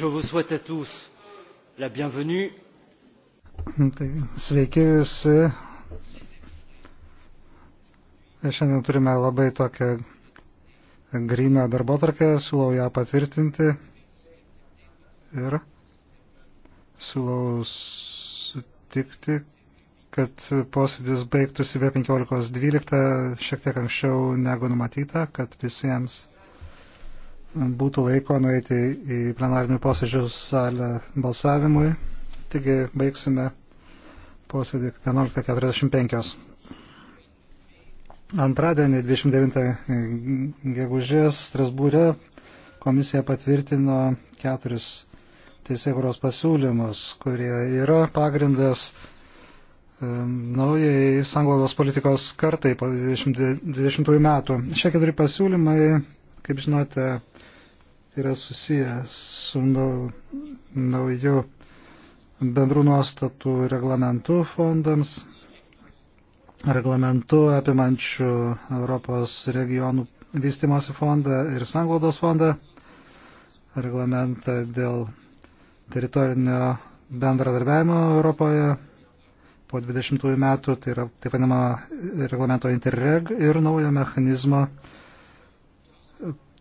Je vous souhaite à tous la bienvenue. Tai sveiki visi. Šiandien turime labai tokią gryną darbo tarkę, siūlau ją patvirtinti ir siūlau sutikti, kad posėdis baigtųsi be 15.12, šiek tiek anksčiau negu numatyta, kad visiems būtų laiko nueiti į plenarinių posėdžių salę balsavimui. Taigi baigsime posėdį 11.45. Antradienį 29 gegužės Strasbūrė komisija patvirtino keturis teisėkuros pasiūlymus, kurie yra pagrindas e, naujai sanglaudos politikos kartai po 20, 20 metų. Šie keturi pasiūlymai, kaip žinote, yra susiję su nauju bendrų nuostatų reglamentu fondams, reglamentu apimančiu Europos regionų vystimosi fondą ir sanglaudos fondą, reglamentą dėl teritorinio bendradarbiavimo Europoje po 20 metų, tai yra taip vadinama reglamento Interreg ir naujo mechanizmo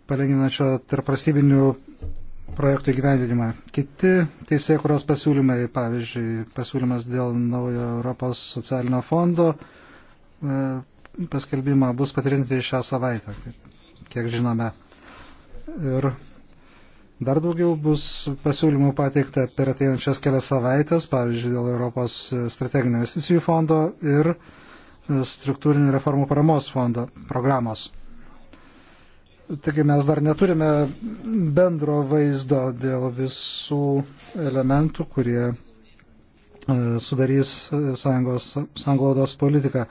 palengvinančio tarp valstybinių projektų įgyvendinimą. Kiti teisėjai, kurios pasiūlymai, pavyzdžiui, pasiūlymas dėl naujo Europos socialinio fondo e, paskelbimo bus patrinti šią savaitę, kiek žinome. Ir dar daugiau bus pasiūlymų pateikta per ateinančias kelias savaitės, pavyzdžiui, dėl Europos strateginio investicijų fondo ir e, struktūrinių reformų paramos fondo programos. Taigi mes dar neturime bendro vaizdo dėl visų elementų, kurie e, sudarys e, sąjungos, sąjungos politiką.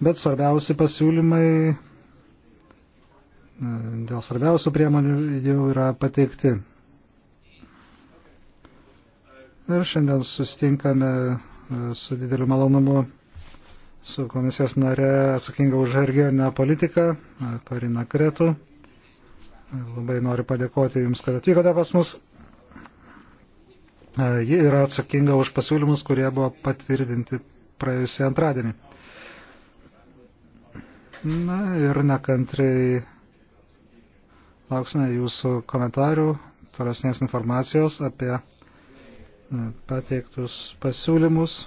Bet svarbiausi pasiūlymai e, dėl svarbiausių priemonių jau yra pateikti. Ir šiandien sustinkame su dideliu malonumu su komisijos nare atsakinga už regioninę politiką, Karina Kretu. Labai noriu padėkoti Jums, kad atvykote pas mus. E, ji yra atsakinga už pasiūlymus, kurie buvo patvirtinti praėjusią antradienį. Na ir nekantrai lauksime Jūsų komentarių, tolesnės informacijos apie e, pateiktus pasiūlymus.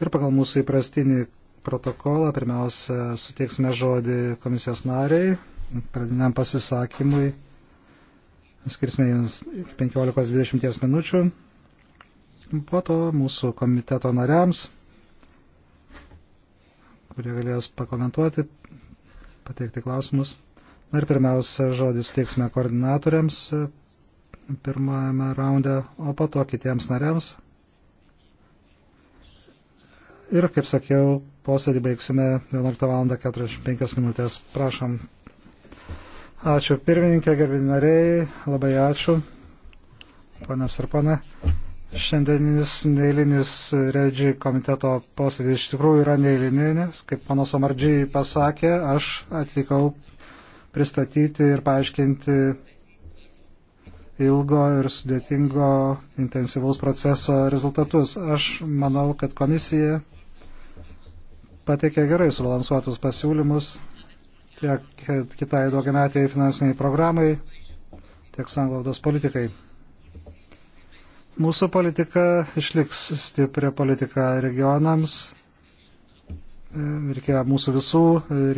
Ir pagal mūsų įprastinį protokolą. Pirmiausia, suteiksime žodį komisijos nariai, pradiniam pasisakymui. Skirsime jums 15-20 minučių. Po to mūsų komiteto nariams, kurie galės pakomentuoti, pateikti klausimus. Na ir pirmiausia, žodį suteiksime koordinatoriams pirmajame raunde, o po to kitiems nariams. Ir, kaip sakiau, posėdį baigsime 11.45 min. Prašom. Ačiū pirmininkė, gerbini nariai, labai ačiū. Ponas ir ponė, šiandieninis neįlinis Redži komiteto posėdis iš tikrųjų yra neįlinis. Kaip panas Omardžiai pasakė, aš atvykau pristatyti ir paaiškinti ilgo ir sudėtingo intensyvaus proceso rezultatus. Aš manau, kad komisija pateikė gerai subalansuotus pasiūlymus tiek kitai daugiametiai finansiniai programai, tiek sanglaudos politikai. Mūsų politika išliks stiprią politiką regionams. Reikia mūsų visų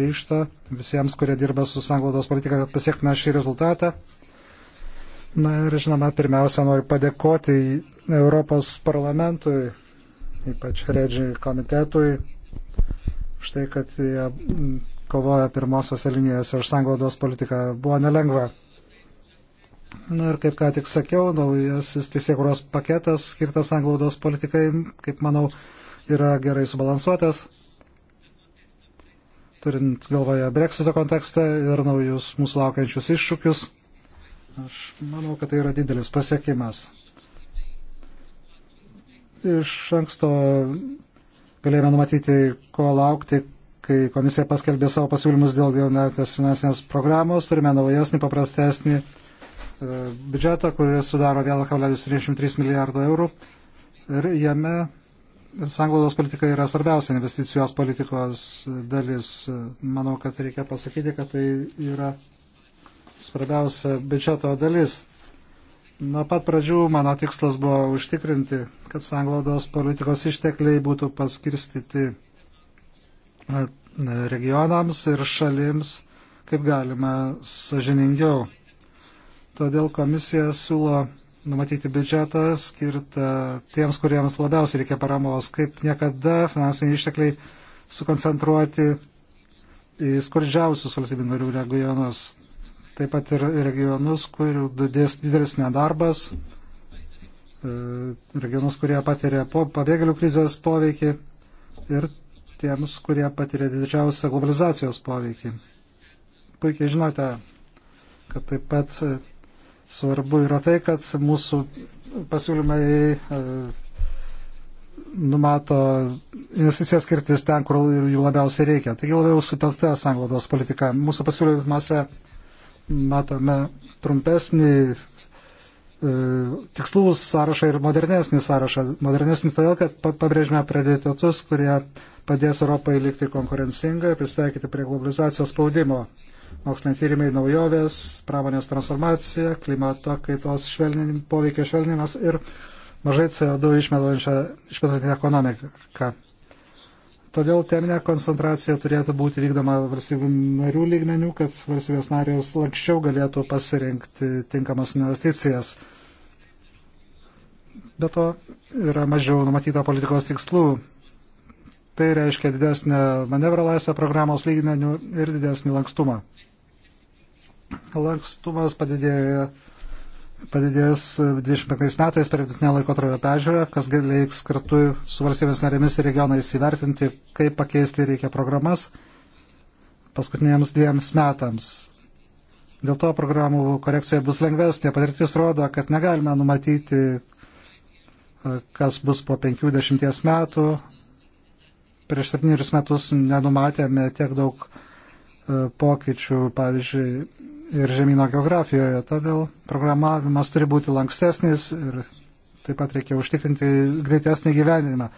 ryšto, visiems, kurie dirba su sanglaudos politika, kad pasiektume šį rezultatą. Na ir žinoma, pirmiausia, noriu padėkoti Europos parlamentui, ypač Redžiai komitetui, štai kad jie mm, kovoja pirmosiose linijose už sanglaudos politiką. Buvo nelengva. Na ir kaip ką tik sakiau, naujasis teisėkuros paketas skirtas sanglaudos politikai, kaip manau, yra gerai subalansuotas, turint galvoje breksito kontekstą ir naujus mūsų laukiančius iššūkius. Aš manau, kad tai yra didelis pasiekimas. Iš anksto galėjome numatyti, ko laukti, kai komisija paskelbė savo pasiūlymus dėl vienatės finansinės programos, turime naujasnį, paprastesnį e, biudžetą, kuris sudaro 1,33 milijardo eurų. Ir jame sanglaudos politika yra svarbiausia investicijos politikos dalis. Manau, kad reikia pasakyti, kad tai yra svarbiausia biudžeto dalis. Nuo pat pradžių mano tikslas buvo užtikrinti, kad sanglaudos politikos ištekliai būtų paskirstyti e, regionams ir šalims kaip galima sažiningiau. Todėl komisija siūlo numatyti biudžetą skirtą tiems, kuriems labiausiai reikia paramos, kaip niekada finansiniai ištekliai sukoncentruoti į skurdžiausius valstybių narių regionus taip pat ir regionus, kurių didelis nedarbas, e, regionus, kurie patiria pabėgėlių krizės poveikį ir tiems, kurie patiria didžiausią globalizacijos poveikį. Puikiai žinote, kad taip pat e, svarbu yra tai, kad mūsų pasiūlymai e, numato investicijas skirtis ten, kur jų labiausiai reikia. Taigi labiau sutelkta sanglaudos politika. Mūsų pasiūlymuose matome trumpesnį e, tikslų sąrašą ir modernesnį sąrašą. Modernesnį todėl, kad pabrėžime prioritetus, kurie padės Europai likti konkurencingą ir pristaikyti prie globalizacijos spaudimo. Moksliniai tyrimai naujovės, pramonės transformacija, klimato kaitos švelninim, poveikio švelnimas ir mažai CO2 išmetančią ekonomiką. Todėl teminė koncentracija turėtų būti vykdoma valstybių narių lygmenių, kad valstybės narės lankščiau galėtų pasirinkti tinkamas investicijas. Be to yra mažiau numatyta politikos tikslų. Tai reiškia didesnę manevro laisvę programos lygmenių ir didesnį lankstumą. Lankstumas padidėja padidės 25 metais per vidutinę laikotarpio peržiūrą, kas galės kartu su valstybės narėmis ir regionais įvertinti, kaip pakeisti reikia programas paskutiniams dviems metams. Dėl to programų korekcija bus lengvesnė. Patirtis rodo, kad negalime numatyti, kas bus po 50 metų. Prieš septynerius metus nenumatėme tiek daug e, pokyčių, pavyzdžiui, ir žemyno geografijoje. Todėl programavimas turi būti lankstesnis ir taip pat reikia užtikrinti greitesnį gyvenimą.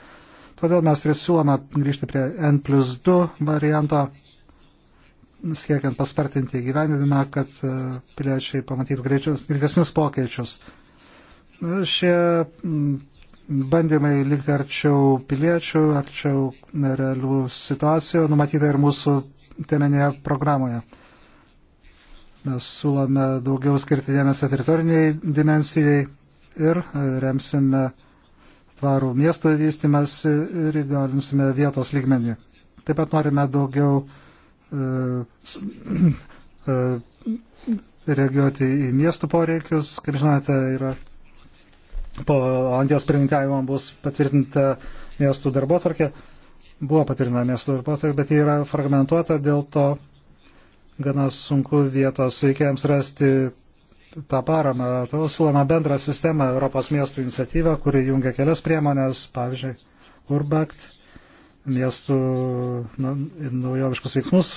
Todėl mes ir siūlome grįžti prie N plus 2 varianto, siekiant paspartinti gyvenimą, kad e, piliečiai pamatytų greičius, greitesnius pokyčius. E, šie bandymai likti arčiau piliečių, arčiau realių situacijų numatyta ir mūsų teminėje programoje. Mes sulame daugiau skirti dėmesio teritoriniai dimensijai ir e, remsime tvarų miesto vystimas ir įgalinsime vietos lygmenį. Taip pat norime daugiau uh, uh, reaguoti į miestų poreikius. Kaip žinote, yra po Andijos pirmininkavimo bus patvirtinta miestų darbo tvarkė. Buvo patvirtinta miestų darbo tvarkė, bet ji yra fragmentuota, dėl to gana sunku vietos veikėjams rasti tą paramą. Tau siūloma bendrą sistemą Europos miestų iniciatyvą, kuri jungia kelias priemonės, pavyzdžiui, Urbakt, miestų nu, naujoviškus veiksmus,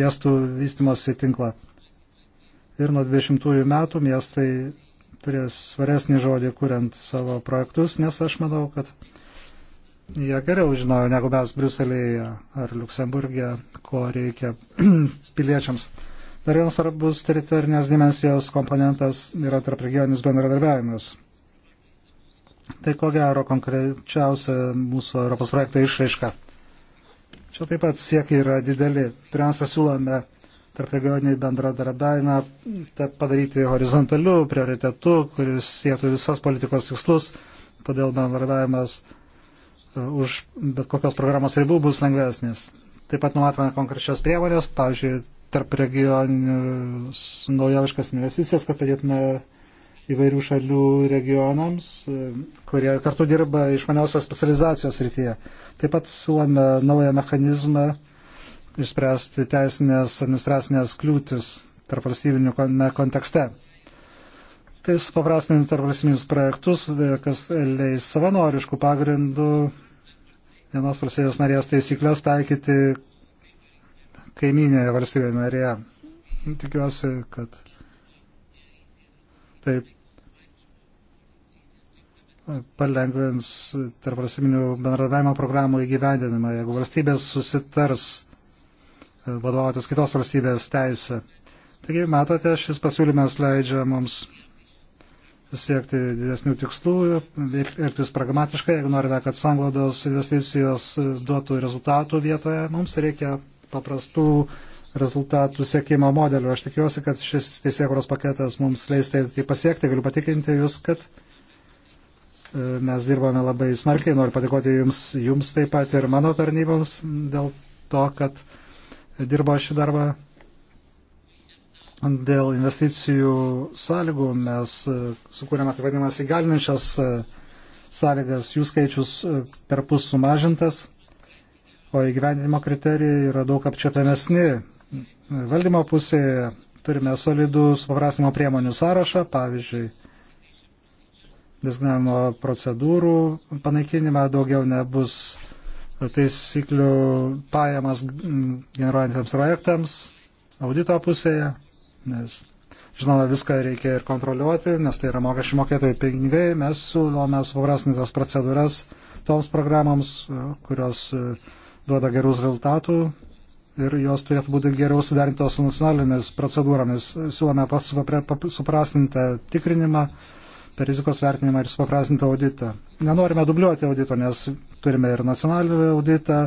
miestų vystimosi tinklą. Ir nuo 20 metų miestai turės svaresnį žodį, kuriant savo projektus, nes aš manau, kad jie geriau žinojo negu mes Bruselėje ar Luksemburgė, ko reikia piliečiams. Dar vienas svarbus teritorinės dimensijos komponentas yra tarp regioninis bendradarbiavimas. Tai ko gero konkrečiausia mūsų Europos projekto išraiška. Čia taip pat siekiai yra dideli. Pirmiausia, siūlome tarp regioninį bendradarbiavimą padaryti horizontaliu prioritetu, kuris sietų visas politikos tikslus. Todėl bendradarbiavimas E, už bet kokios programos ribų bus lengvesnis. Taip pat numatome konkrečias priemonės, pavyzdžiui, tarp regioninius naujoviškas investicijas, kad padėtume įvairių šalių regionams, e, kurie kartu dirba išmaniausios specializacijos rytyje. Taip pat siūlome naują mechanizmą išspręsti teisinės administracinės kliūtis tarp valstybinių kontekste. Tai supaprastins tarpvalstybinius projektus, kas leis savanoriškų pagrindų vienos valstybės narės taisyklės taikyti kaiminėje valstybėje narėje. Tikiuosi, kad taip palengvins tarpvalstybinių bendradavimo programų įgyvendinimą, jeigu valstybės susitars e, vadovautis kitos valstybės teisę. Taigi, matote, šis pasiūlymas leidžia mums siekti didesnių tikslų ir elgtis pragmatiškai, jeigu norime, kad sanglaudos investicijos duotų rezultatų vietoje, mums reikia paprastų rezultatų siekimo modelių. Aš tikiuosi, kad šis teisėkuros paketas mums leis tai, tai pasiekti. Galiu patikinti Jūs, kad e, mes dirbame labai smarkiai. Noriu padėkoti Jums, jums taip pat ir mano tarnyboms dėl to, kad dirbo šį darbą dėl investicijų sąlygų mes e, sukūrėme taip vadinamas įgalinančias e, sąlygas, jų skaičius e, per pus sumažintas, o įgyvendinimo kriterijai yra daug apčiopiamesni. Valdymo pusėje turime solidų supaprastinimo priemonių sąrašą, pavyzdžiui, diskriminavimo procedūrų panaikinimą daugiau nebus taisyklių pajamas generuojantiems projektams audito pusėje nes žinoma, viską reikia ir kontroliuoti, nes tai yra mokesčių mokėtojų pinigai, mes siūlome suprasnintas procedūras toms programams, e, kurios e, duoda gerus rezultatų ir jos turėtų būti geriau sudarintos su nacionalinėmis procedūromis. Siūlome suprastintą tikrinimą per rizikos vertinimą ir suprastintą auditą. Nenorime dubliuoti audito, nes turime ir nacionalinį auditą,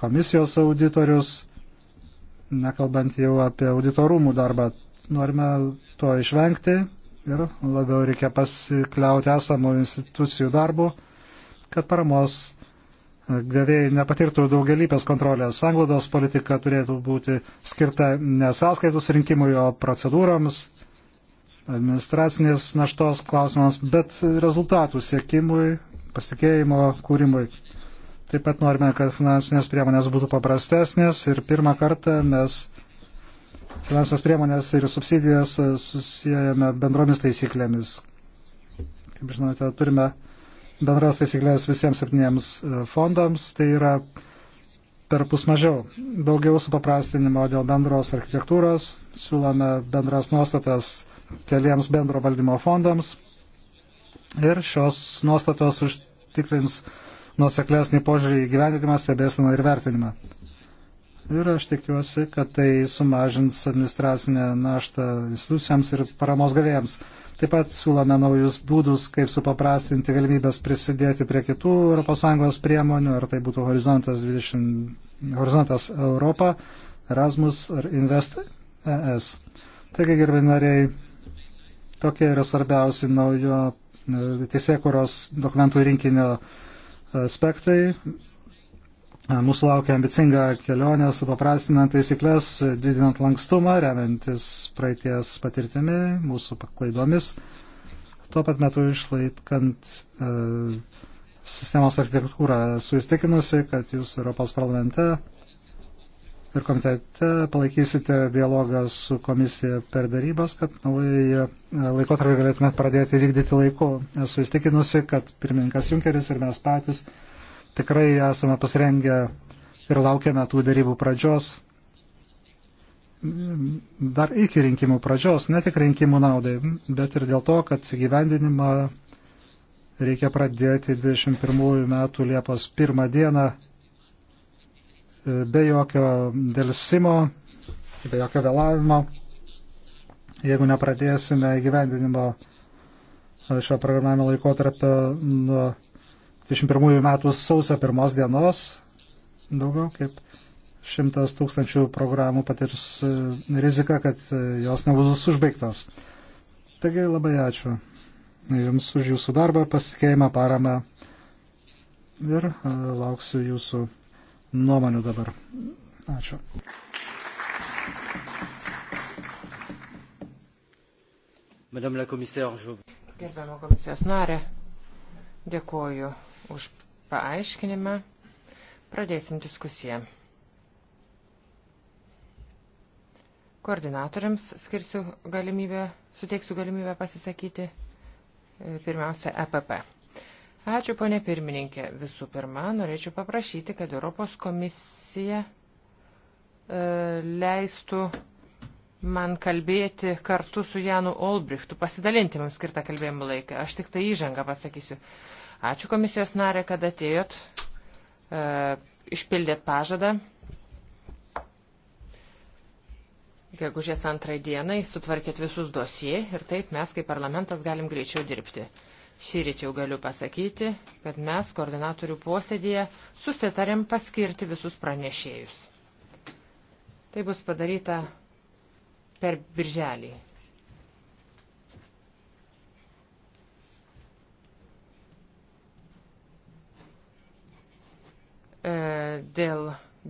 komisijos auditorius nekalbant jau apie auditorumų darbą. Norime to išvengti ir labiau reikia pasikliauti esamų institucijų darbu, kad paramos gavėjai nepatirtų daugelįpės kontrolės. Anglodos politika turėtų būti skirta ne sąskaitus rinkimui, o procedūrams, administracinės naštos klausimams, bet rezultatų siekimui, pasitikėjimo kūrimui. Taip pat norime, kad finansinės priemonės būtų paprastesnės ir pirmą kartą mes finansinės priemonės ir subsidijas susijęjame bendromis taisyklėmis. Kaip žinote, turime bendras taisyklės visiems septyniems e, fondams, tai yra per pus mažiau. Daugiau supaprastinimo dėl bendros architektūros, siūlome bendras nuostatas keliems bendro valdymo fondams ir šios nuostatos užtikrins nuoseklesnį požiūrį į gyvenimą, stebėsiną ir vertinimą. Ir aš tikiuosi, kad tai sumažins administracinę naštą institucijams ir paramos gavėjams. Taip pat siūlome naujus būdus, kaip supaprastinti galimybės prisidėti prie kitų ES priemonių, ar tai būtų Horizontas, 20, Horizontas Europa, Erasmus ar Invest ES. Taigi, gerbiai nariai, tokie yra svarbiausi naujo e, teisėkuros dokumentų rinkinio aspektai. Mūsų laukia ambicinga kelionė, supaprastinant taisyklės, didinant lankstumą, remiantis praeities patirtimi, mūsų klaidomis, tuo pat metu išlaikant e, sistemos architektūrą. Suistikinusi, kad jūs Europos parlamente ir komitete palaikysite dialogą su komisija per darybas, kad naująjį laikotarpį galėtumėt pradėti vykdyti laiku. Esu įstikinusi, kad pirmininkas Junkeris ir mes patys tikrai esame pasirengę ir laukiame tų darybų pradžios. Dar iki rinkimų pradžios, ne tik rinkimų naudai, bet ir dėl to, kad gyvendinimą reikia pradėti 21 metų Liepos 1 dieną be jokio dėlsimo, be jokio vėlavimo. Jeigu nepradėsime įgyvendinimo šio programavimo laikotarpio nuo 21 metų sausio pirmos dienos, daugiau kaip šimtas tūkstančių programų patirs e, riziką, kad e, jos nebus užbaigtos. Taigi labai ačiū Jums už Jūsų darbą, pasikeimą, paramą ir e, lauksiu Jūsų nuomonių dabar. Ačiū. Gerbiamo komisijos narė, dėkoju už paaiškinimą. Pradėsim diskusiją. Koordinatoriams skirsiu galimybę, suteiksiu galimybę pasisakyti e, pirmiausia EPP. Ačiū, ponė pirmininkė. Visų pirma, norėčiau paprašyti, kad Europos komisija e, leistų man kalbėti kartu su Janu Olbrichtu, pasidalinti mums skirtą kalbėjimo laiką. Aš tik tai įžangą pasakysiu. Ačiū komisijos narė, kad atėjot, e, išpildėt pažadą. Gegužės antrai dienai sutvarkėt visus dosie ir taip mes kaip parlamentas galim greičiau dirbti. Šyričiau galiu pasakyti, kad mes koordinatorių posėdėje susitarėm paskirti visus pranešėjus. Tai bus padaryta per birželį. E, dėl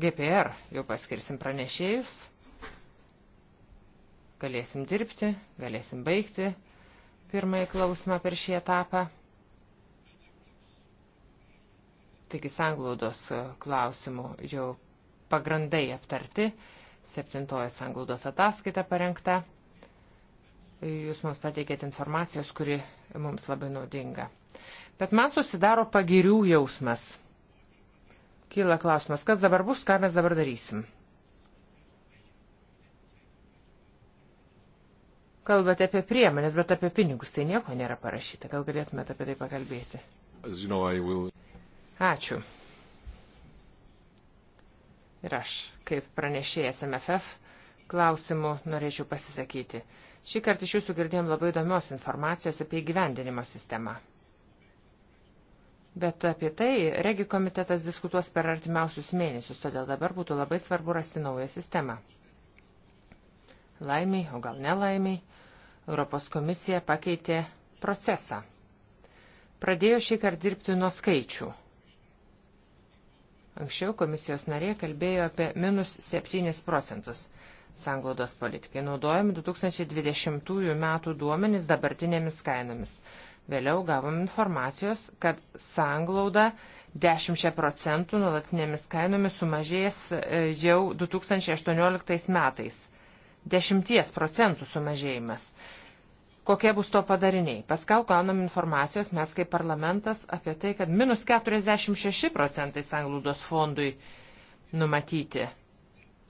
GPR jau paskirsim pranešėjus, galėsim dirbti, galėsim baigti pirmąjį klausimą per šį etapą. Taigi sanglaudos klausimų jau pagrindai aptarti, septintoji sanglaudos ataskaita parengta. Jūs mums pateikėt informacijos, kuri mums labai naudinga. Bet man susidaro pagirių jausmas. Kyla klausimas, kas dabar bus, ką mes dabar darysim. Kalbate apie priemonės, bet apie pinigus tai nieko nėra parašyta. Gal galėtumėte apie tai pakalbėti? You know, will... Ačiū. Ir aš, kaip pranešėjas MFF, klausimų norėčiau pasisakyti. Šį kartą iš jūsų girdėjom labai įdomios informacijos apie įgyvendinimo sistemą. Bet apie tai regi komitetas diskutuos per artimiausius mėnesius, todėl dabar būtų labai svarbu rasti naują sistemą. Laimiai, o gal nelaimiai, Europos komisija pakeitė procesą. Pradėjo šį kartą dirbti nuo skaičių. Anksčiau komisijos narė kalbėjo apie minus 7 procentus. Sanglaudos politikai naudojami 2020 metų duomenys dabartinėmis kainomis. Vėliau gavom informacijos, kad sanglauda 10 procentų nuolatinėmis kainomis sumažės e, jau 2018 metais. 10 procentų sumažėjimas kokie bus to padariniai. Paskau gaunam informacijos mes kaip parlamentas apie tai, kad minus 46 procentai sanglūdos fondui numatyti.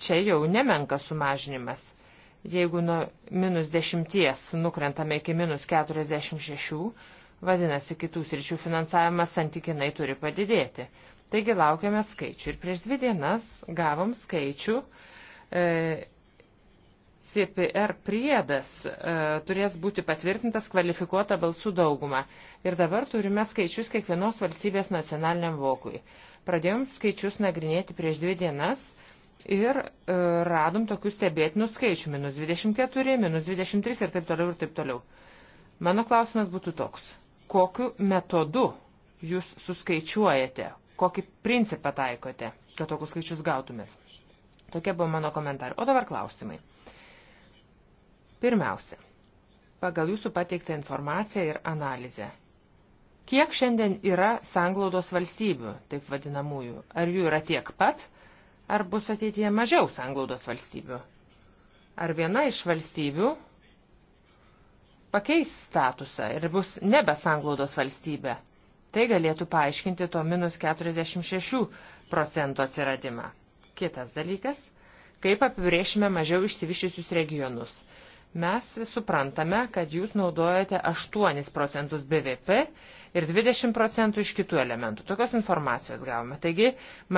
Čia jau nemenka sumažinimas. Jeigu nuo minus 10 nukrentame iki minus 46, vadinasi, kitų sričių finansavimas santykinai turi padidėti. Taigi laukiame skaičių ir prieš dvi dienas gavom skaičių. E, CPR priedas e, turės būti patvirtintas kvalifikuota balsų dauguma. Ir dabar turime skaičius kiekvienos valstybės nacionaliniam vokui. Pradėjom skaičius nagrinėti prieš dvi dienas ir e, radom tokius stebėtinus skaičių - minus 24, minus 23 ir taip toliau ir taip toliau. Mano klausimas būtų toks. Kokiu metodu jūs suskaičiuojate, kokį principą taikote, kad tokius skaičius gautumėt? Tokie buvo mano komentarai. O dabar klausimai. Pirmiausia, pagal jūsų pateiktą informaciją ir analizę. Kiek šiandien yra sanglaudos valstybių, taip vadinamųjų? Ar jų yra tiek pat, ar bus ateityje mažiau sanglaudos valstybių? Ar viena iš valstybių pakeis statusą ir bus nebe sanglaudos valstybė? Tai galėtų paaiškinti to minus 46 procentų atsiradimą. Kitas dalykas - kaip apibriešime mažiau išsivyščiusius regionus – Mes suprantame, kad jūs naudojate 8 procentus BVP ir 20 procentų iš kitų elementų. Tokios informacijos gavome. Taigi,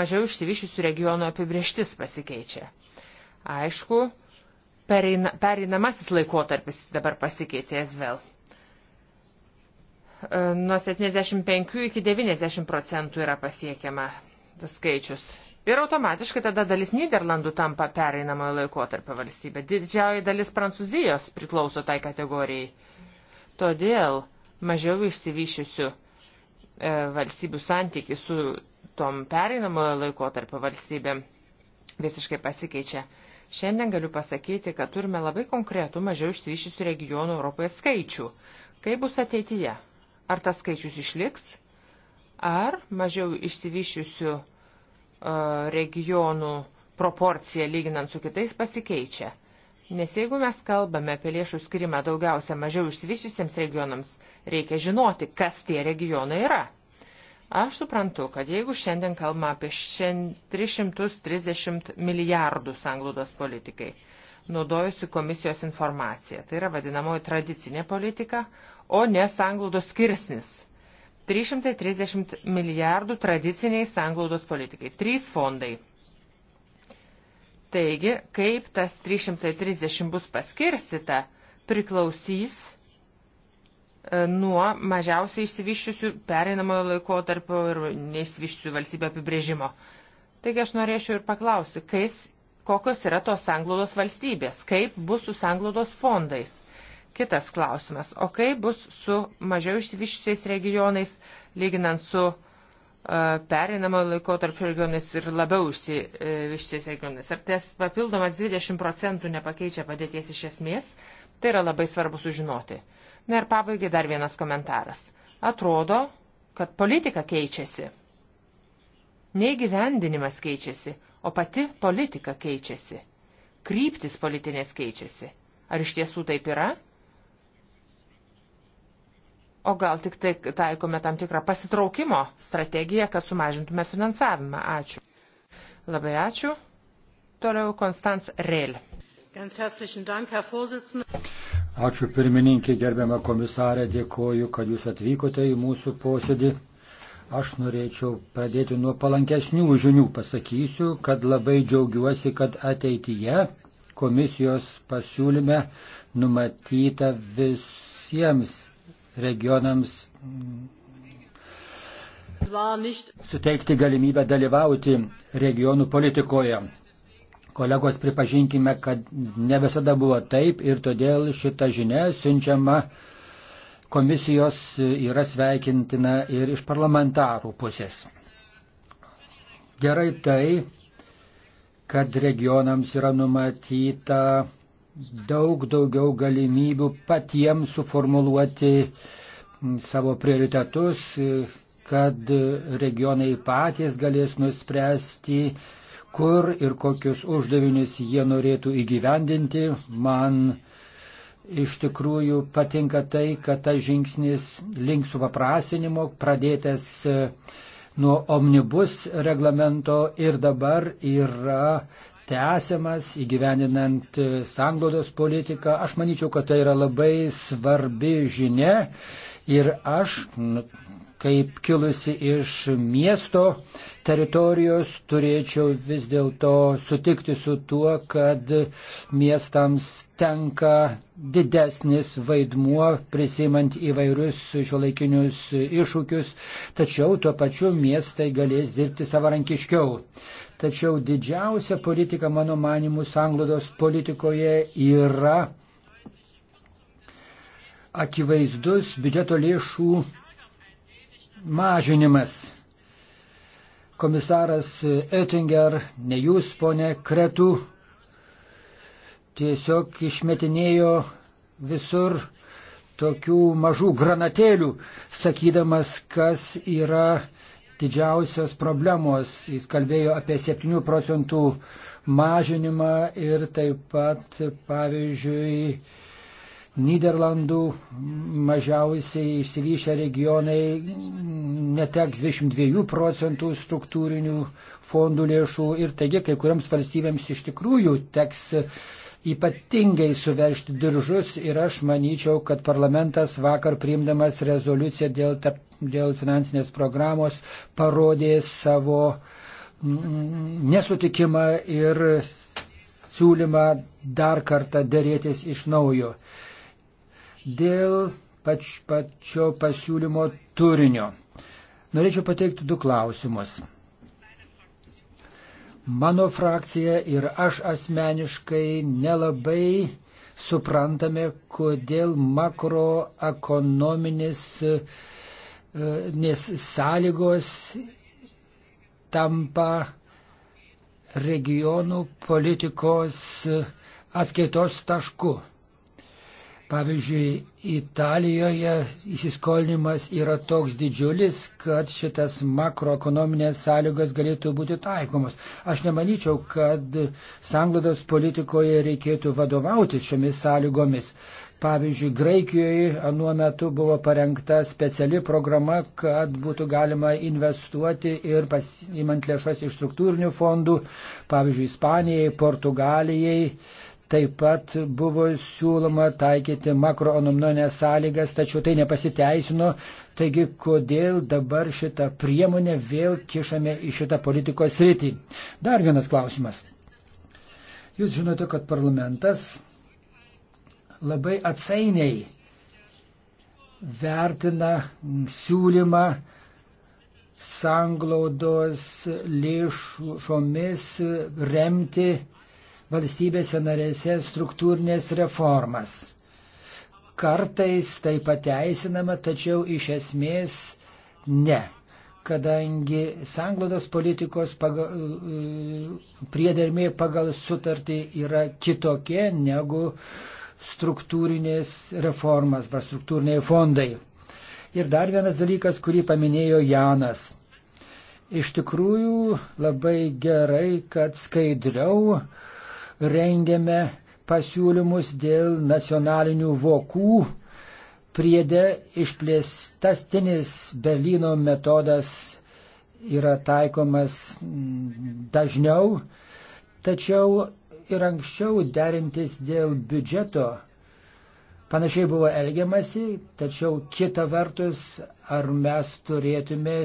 mažiau išsivyšusių regionų apibrieštis pasikeičia. Aišku, pereina, pereinamasis laikotarpis dabar pasikeitė vėl e, nuo 75 iki 90 procentų yra pasiekiama skaičius. Ir automatiškai tada dalis Niderlandų tampa pereinamojo laikotarpio valstybė. Didžiauji dalis Prancūzijos priklauso tai kategorijai. Todėl mažiau išsivyšiusių e, valstybių santykiai su tom pereinamojo laikotarpio valstybėm visiškai pasikeičia. Šiandien galiu pasakyti, kad turime labai konkretų mažiau išsivyščiusių regionų Europoje skaičių. Kaip bus ateityje? Ar tas skaičius išliks? Ar mažiau išsivyščiusių regionų proporcija lyginant su kitais pasikeičia. Nes jeigu mes kalbame apie lėšų skirimą daugiausia mažiau išsivyščiusiems regionams, reikia žinoti, kas tie regionai yra. Aš suprantu, kad jeigu šiandien kalbame apie 330 milijardų sanglaudos politikai, naudojusi komisijos informaciją, tai yra vadinamoji tradicinė politika, o ne sanglaudos skirsnis 330 milijardų tradiciniai sanglaudos politikai. Trys fondai. Taigi, kaip tas 330 bus paskirstita, priklausys e, nuo mažiausiai išsivyščiusių pereinamojo laiko tarp ir neišsivyščiusių valstybių apibrėžimo. Taigi aš norėčiau ir paklausti, kaip, kokios yra tos sanglaudos valstybės, kaip bus su sanglaudos fondais Kitas klausimas. O kaip bus su mažiau išsivyščiais regionais, lyginant su uh, e, pereinamo laiko tarp regionais ir labiau išsivyščiais regionais? Ar tas papildomas 20 procentų nepakeičia padėties iš esmės? Tai yra labai svarbu sužinoti. Na ir pabaigai dar vienas komentaras. Atrodo, kad politika keičiasi. Neįgyvendinimas keičiasi, o pati politika keičiasi. Kryptis politinės keičiasi. Ar iš tiesų taip yra? o gal tik tai taikome tam tikrą pasitraukimo strategiją, kad sumažintume finansavimą. Ačiū. Labai ačiū. Toliau Konstans Reil. Ačiū pirmininkė, gerbiama komisarė, dėkoju, kad jūs atvykote į mūsų posėdį. Aš norėčiau pradėti nuo palankesnių žinių. Pasakysiu, kad labai džiaugiuosi, kad ateityje komisijos pasiūlyme numatyta visiems regionams suteikti galimybę dalyvauti regionų politikoje. Kolegos, pripažinkime, kad ne visada buvo taip ir todėl šita žinia siunčiama komisijos yra sveikintina ir iš parlamentarų pusės. Gerai tai, kad regionams yra numatyta daug daugiau galimybių patiems suformuluoti savo prioritetus, kad regionai patys galės nuspręsti, kur ir kokius uždavinius jie norėtų įgyvendinti. Man iš tikrųjų patinka tai, kad tas žingsnis link supaprasinimo pradėtas nuo omnibus reglamento ir dabar yra tęsiamas įgyvendinant e, sanglodos politiką. Aš manyčiau, kad tai yra labai svarbi žinia ir aš, nu, kaip kilusi iš miesto teritorijos, turėčiau vis dėlto sutikti su tuo, kad miestams tenka didesnis vaidmuo prisimant įvairius šiuolaikinius iššūkius, tačiau tuo pačiu miestai galės dirbti savarankiškiau. Tačiau didžiausia politika, mano manimu, sanglodos politikoje yra akivaizdus biudžeto lėšų mažinimas. Komisaras Oettinger, ne jūs, ponė Kretų, tiesiog išmetinėjo visur tokių mažų granatėlių, sakydamas, kas yra didžiausios problemos. Jis kalbėjo apie 7 procentų mažinimą ir taip pat, pavyzdžiui, Niderlandų mažiausiai išsivyšę regionai neteks 22 procentų struktūrinių fondų lėšų ir taigi kai kuriams valstybėms iš tikrųjų teks ypatingai suveržti diržus ir aš manyčiau, kad parlamentas vakar priimdamas rezoliuciją dėl, tarp, dėl finansinės programos parodė savo mm, mm, nesutikimą ir siūlymą dar kartą dėrėtis iš naujo. Dėl pač, pačio pasiūlymo turinio. Norėčiau pateikti du klausimus. Mano frakcija ir aš asmeniškai nelabai suprantame, kodėl makroekonominis e, nes sąlygos tampa regionų politikos atskaitos tašku. Pavyzdžiui, Italijoje įsiskolinimas yra toks didžiulis, kad šitas makroekonominės sąlygos galėtų būti taikomos. Aš nemanyčiau, kad sanglados politikoje reikėtų vadovautis šiomis sąlygomis. Pavyzdžiui, Graikijoje anuo metu buvo parengta speciali programa, kad būtų galima investuoti ir pasimant lėšas iš struktūrinių fondų, pavyzdžiui, Ispanijai, Portugalijai Taip pat buvo siūloma taikyti makroekonominės sąlygas, tačiau tai nepasiteisino. Taigi, kodėl dabar šitą priemonę vėl kišame į šitą politikos sritį? Dar vienas klausimas. Jūs žinote, kad parlamentas labai atsainiai vertina siūlymą sanglaudos lėšomis remti valstybėse narėse struktūrinės reformas. Kartais tai pateisinama, tačiau iš esmės ne, kadangi sanglodos politikos pagal, e, priedermė pagal sutartį yra kitokie negu struktūrinės reformas arba struktūriniai fondai. Ir dar vienas dalykas, kurį paminėjo Janas. Iš tikrųjų labai gerai, kad skaidriau uh, rengiame pasiūlymus dėl nacionalinių vokų. Priede išplėstastinis Berlyno metodas yra taikomas dažniau, tačiau ir anksčiau derintis dėl biudžeto Panašiai buvo elgiamasi, tačiau kita vertus, ar mes turėtume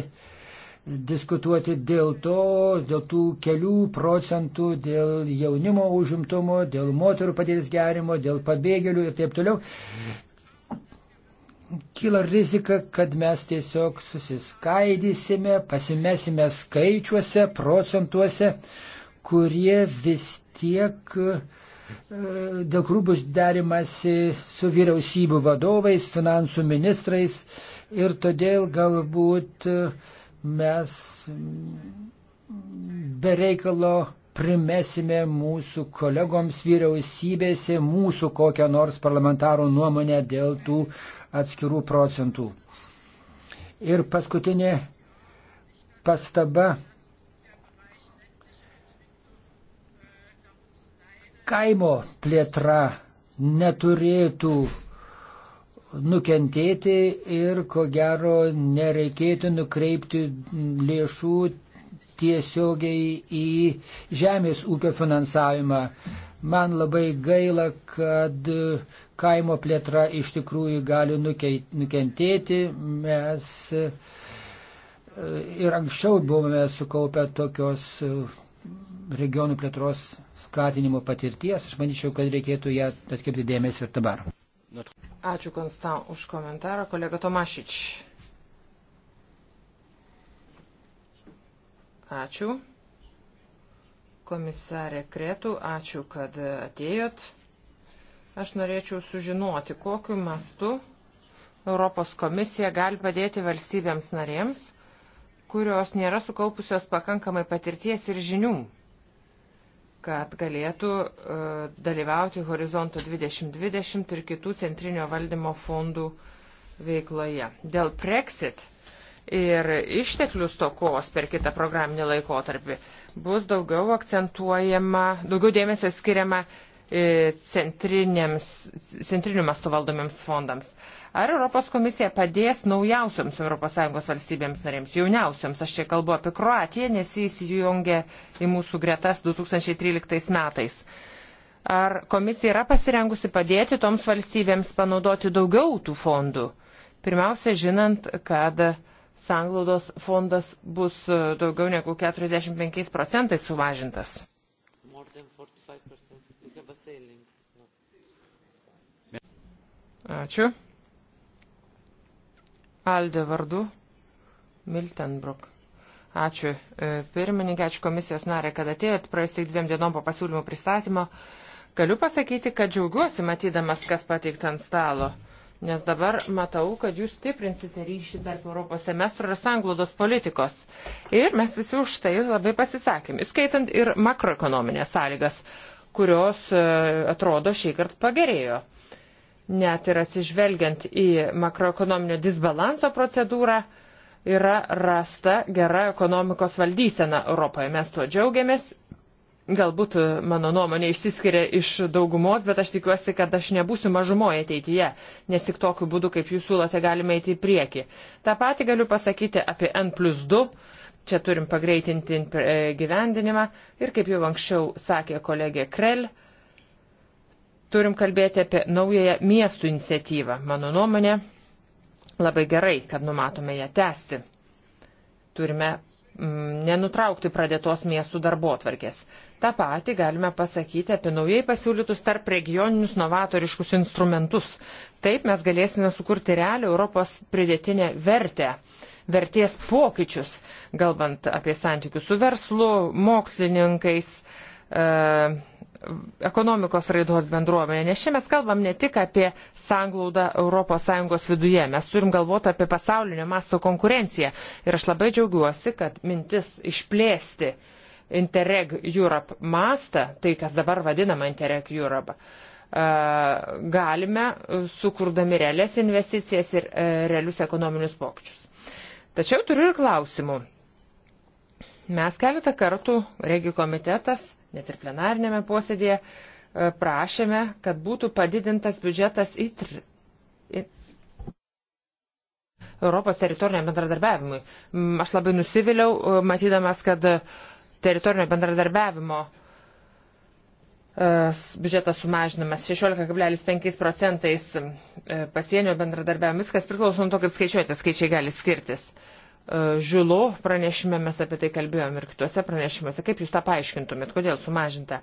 diskutuoti dėl to, dėl tų kelių procentų, dėl jaunimo užimtumo, dėl moterų padėtis gerimo, dėl pabėgėlių ir taip toliau. Kyla rizika, kad mes tiesiog susiskaidysime, pasimesime skaičiuose, procentuose, kurie vis tiek e, dėl kurių bus derimasi su vyriausybių vadovais, finansų ministrais ir todėl galbūt uh, mes bereikalo primesime mūsų kolegoms vyriausybėse mūsų kokią nors parlamentarų nuomonę dėl tų atskirų procentų. Ir paskutinė pastaba. Kaimo plėtra neturėtų nukentėti ir ko gero nereikėtų nukreipti lėšų tiesiogiai į žemės ūkio finansavimą. Man labai gaila, kad kaimo plėtra iš tikrųjų gali nukentėti. Mes e, ir anksčiau buvome sukaupę tokios e, regionų plėtros skatinimo patirties. Aš manyčiau, kad reikėtų ją atkreipti dėmesį ir dabar notre... Ačiū, Konstant, už komentarą. Kolega Tomašič. Ačiū. Komisarė Kretų, ačiū, kad atėjot. Aš norėčiau sužinoti, kokiu mastu Europos komisija gali padėti valstybėms narėms, kurios nėra sukaupusios pakankamai patirties ir žinių kad galėtų e, dalyvauti Horizonto 2020 ir kitų centrinio valdymo fondų veikloje. Dėl Brexit ir išteklių stokos per kitą programinį laikotarpį bus daugiau akcentuojama, daugiau dėmesio skiriama E, centriniu mastu valdomiems fondams. Ar Europos komisija padės naujausioms ES valstybėms narėms, jauniausioms, aš čia kalbu apie Kroatiją, nes jis įjungė į mūsų gretas 2013 metais. Ar komisija yra pasirengusi padėti toms valstybėms panaudoti daugiau tų fondų? Pirmiausia, žinant, kad sanglaudos fondas bus e, daugiau negu 45 procentais sumažintas. Ačiū. Alde vardu Miltenbruk. Ačiū e, pirmininkė, ačiū komisijos narė, kad atėjot praėjus tik dviem dienom po pasiūlymo pristatymo. Galiu pasakyti, kad džiaugiuosi matydamas, kas pateikta ant stalo, nes dabar matau, kad jūs stiprinsite ryšį tarp Europos semestro ir sanglaudos politikos. Ir mes visi už tai labai pasisakėm, įskaitant ir makroekonominės sąlygas kurios e, atrodo šį kartą pagerėjo. Net ir atsižvelgiant į makroekonominio disbalanso procedūrą, yra rasta gera ekonomikos valdysena Europoje. Mes tuo džiaugiamės. Galbūt e, mano nuomonė išsiskiria iš daugumos, bet aš tikiuosi, kad aš nebūsiu mažumoje ateityje, nes tik tokiu būdu, kaip jūs siūlote, galime eiti į priekį. Ta pati galiu pasakyti apie N plus 2 Čia turim pagreitinti e, gyvendinimą ir, kaip jau anksčiau sakė kolegė Krell, turim kalbėti apie naująją miestų iniciatyvą. Mano nuomonė, labai gerai, kad numatome ją tęsti. Turime mm, nenutraukti pradėtos miestų darbo atvarkės. Ta pati galime pasakyti apie naujai pasiūlytus tarp regioninius novatoriškus instrumentus. Taip mes galėsime sukurti realią Europos pridėtinę vertę. Uh, vertės pokyčius, galbant apie santykius su verslu, mokslininkais, e, ekonomikos raidos bendruomenė. Nes čia mes kalbam ne tik apie sanglaudą ES viduje, mes turim galvoti apie pasaulinio masto konkurenciją. Ir aš labai džiaugiuosi, kad mintis išplėsti Interreg Europe mastą, tai kas dabar vadinama Interreg Europe, e, galime sukurdami realias investicijas ir e, realius ekonominius pokyčius. Tačiau turiu ir klausimų. Mes keletą kartų, regi komitetas, net ir plenarinėme posėdėje, e, prašėme, kad būtų padidintas biudžetas į, tri... į Europos teritoriniam bendradarbiavimui. Mm, aš labai nusiviliau, e, matydamas, kad teritorinio bendradarbiavimo uh, biudžetas sumažinamas 16,5 procentais e, pasienio bendradarbiavimas, viskas priklauso nuo to, kaip skaičiuojate, skaičiai gali skirtis. Žiūlo pranešime mes apie tai kalbėjom ir kitose pranešimuose. Kaip jūs tą paaiškintumėt, kodėl sumažinta?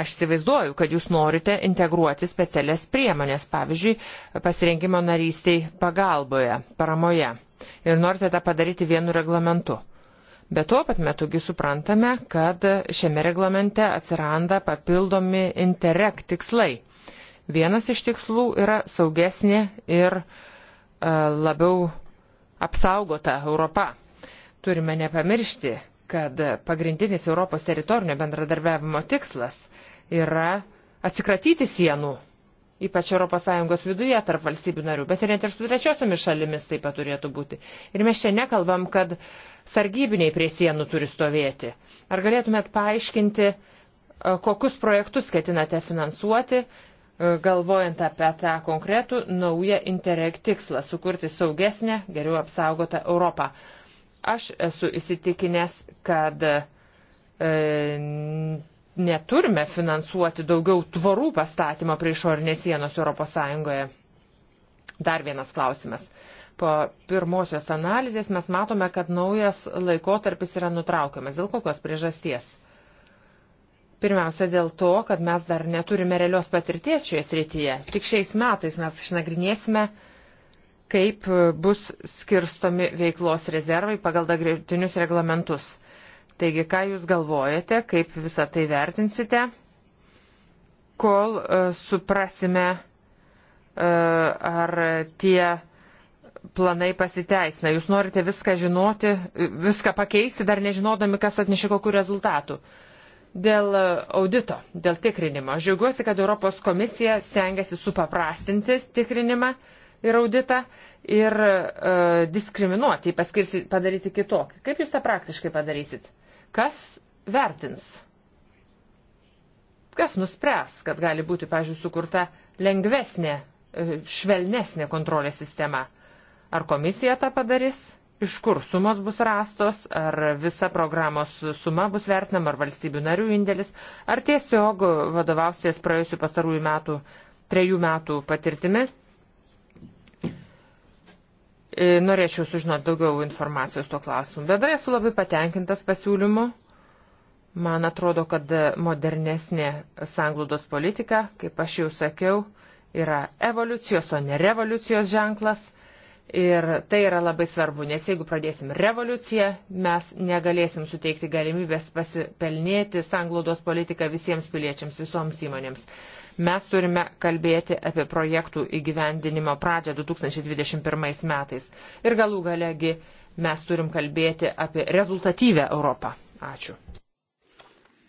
Aš įsivaizduoju, kad jūs norite integruoti specialias priemonės, pavyzdžiui, pasirengimo narystiai pagalboje, paramoje. Ir norite tą padaryti vienu reglamentu. Bet tuo pat metugi suprantame, kad šiame reglamente atsiranda papildomi interreg tikslai. Vienas iš tikslų yra saugesnė ir e, labiau apsaugota Europa. Turime nepamiršti, kad pagrindinis Europos teritorinio bendradarbiavimo tikslas yra atsikratyti sienų, ypač ES viduje tarp valstybių narių, bet ir net ir su trečiosiomis šalimis taip pat turėtų būti. Ir mes čia nekalbam, kad uh, sargybiniai prie sienų turi stovėti. Ar galėtumėt paaiškinti, e, kokius projektus ketinate finansuoti, e, galvojant apie tą konkretų naują interreg tikslą - sukurti saugesnę, geriau apsaugotą Europą. Aš esu įsitikinęs, kad e, neturime finansuoti daugiau tvarų pastatymo prie išorinės sienos ES. Dar vienas klausimas. Po pirmosios analizės mes matome, kad naujas laikotarpis yra nutraukiamas. Dėl kokios priežasties? Pirmiausia, dėl to, kad mes dar neturime realios patirties šioje srityje. Tik šiais metais mes išnagrinėsime, kaip bus skirstomi veiklos rezervai pagal dagrėtinius reglamentus. Taigi, ką Jūs galvojate, kaip visą tai vertinsite, kol uh, suprasime, uh, ar tie planai pasiteisina. Jūs norite viską žinoti, viską pakeisti, dar nežinodami, kas atnešė kokiu rezultatu. Dėl audito, dėl tikrinimo. Aš džiaugiuosi, kad Europos komisija stengiasi supaprastinti tikrinimą ir auditą ir uh, diskriminuoti, paskirsi, padaryti kitokį. Kaip jūs tą praktiškai padarysit? Kas vertins? Kas nuspręs, kad gali būti, pažiūrėjau, sukurta lengvesnė, e, švelnesnė kontrolės sistema? Uh, Ar komisija tą padarys? Iš kur sumos bus rastos, ar visa programos suma bus vertinama, ar valstybių narių indėlis, ar tiesiog vadovausies praėjusių pastarųjų metų, trejų metų patirtimi? E, norėčiau sužinoti daugiau informacijos tuo klausimu. Bendrai esu labai patenkintas pasiūlymu. Man atrodo, kad modernesnė sanglaudos politika, kaip aš jau sakiau, yra evoliucijos, o ne revoliucijos ženklas. Ir tai yra labai svarbu, nes jeigu pradėsim revoliuciją, mes negalėsim suteikti galimybės pasipelnėti sanglaudos politiką visiems piliečiams, visoms įmonėms. Mes turime kalbėti apie projektų įgyvendinimo pradžią 2021 metais. Ir galų galegi mes turim kalbėti apie rezultatyvę Europą. Ačiū.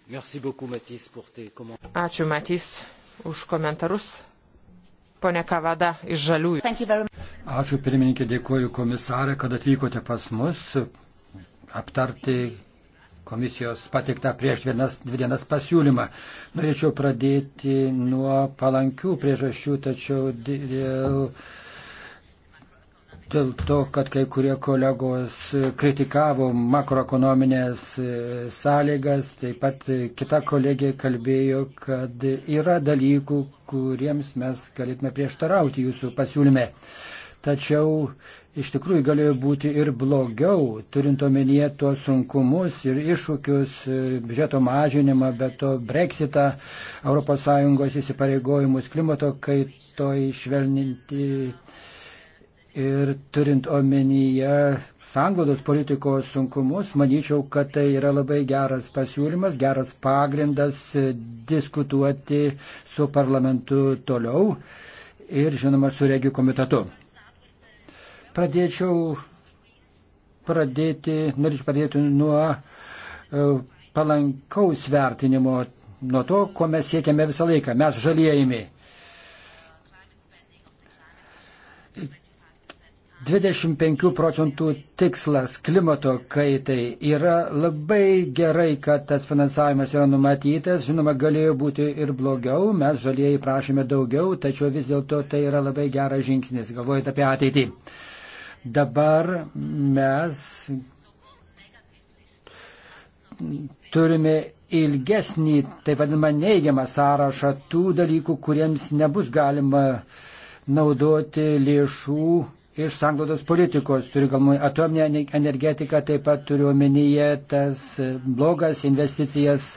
Beaucoup, Matisse, tes... Ačiū, Matys, už komentarus ponė Kavada iš Žaliųjų. Ačiū pirmininkė, dėkuoju komisarė, kad atvykote pas mus aptarti komisijos pateiktą prieš vienas, dvi dienas pasiūlymą. Norėčiau pradėti nuo palankių priežasčių, tačiau dėl. Dėl dėl to, kad kai kurie kolegos kritikavo makroekonominės sąlygas, taip pat kita kolegė kalbėjo, kad yra dalykų, kuriems mes galėtume prieštarauti jūsų pasiūlyme. Tačiau iš tikrųjų galėjo būti ir blogiau, turint omenyje tuos sunkumus ir iššūkius, biudžeto mažinimą, bet to breksitą, ES įsipareigojimus klimato kaitoj švelninti Ir turint omenyje sanglaudos politikos sunkumus, manyčiau, kad tai yra labai geras pasiūlymas, geras pagrindas diskutuoti su parlamentu toliau ir, žinoma, su regijų komitetu. Pradėčiau pradėti, norėčiau pradėti nuo e, palankaus vertinimo, nuo to, ko mes siekiame visą laiką. Mes žalėjami 25 procentų tikslas klimato kaitai yra labai gerai, kad tas finansavimas yra numatytas. Žinoma, galėjo būti ir blogiau, mes žalieji prašome daugiau, tačiau vis dėlto tai yra labai geras žingsnis, galvojant apie ateitį. Dabar mes turime ilgesnį, taip vadinamą, neigiamą sąrašą tų dalykų, kuriems nebus galima naudoti lėšų iš sanglodos politikos, turiu galvoje atominę energetiką, taip pat turiu omenyje tas e, blogas investicijas,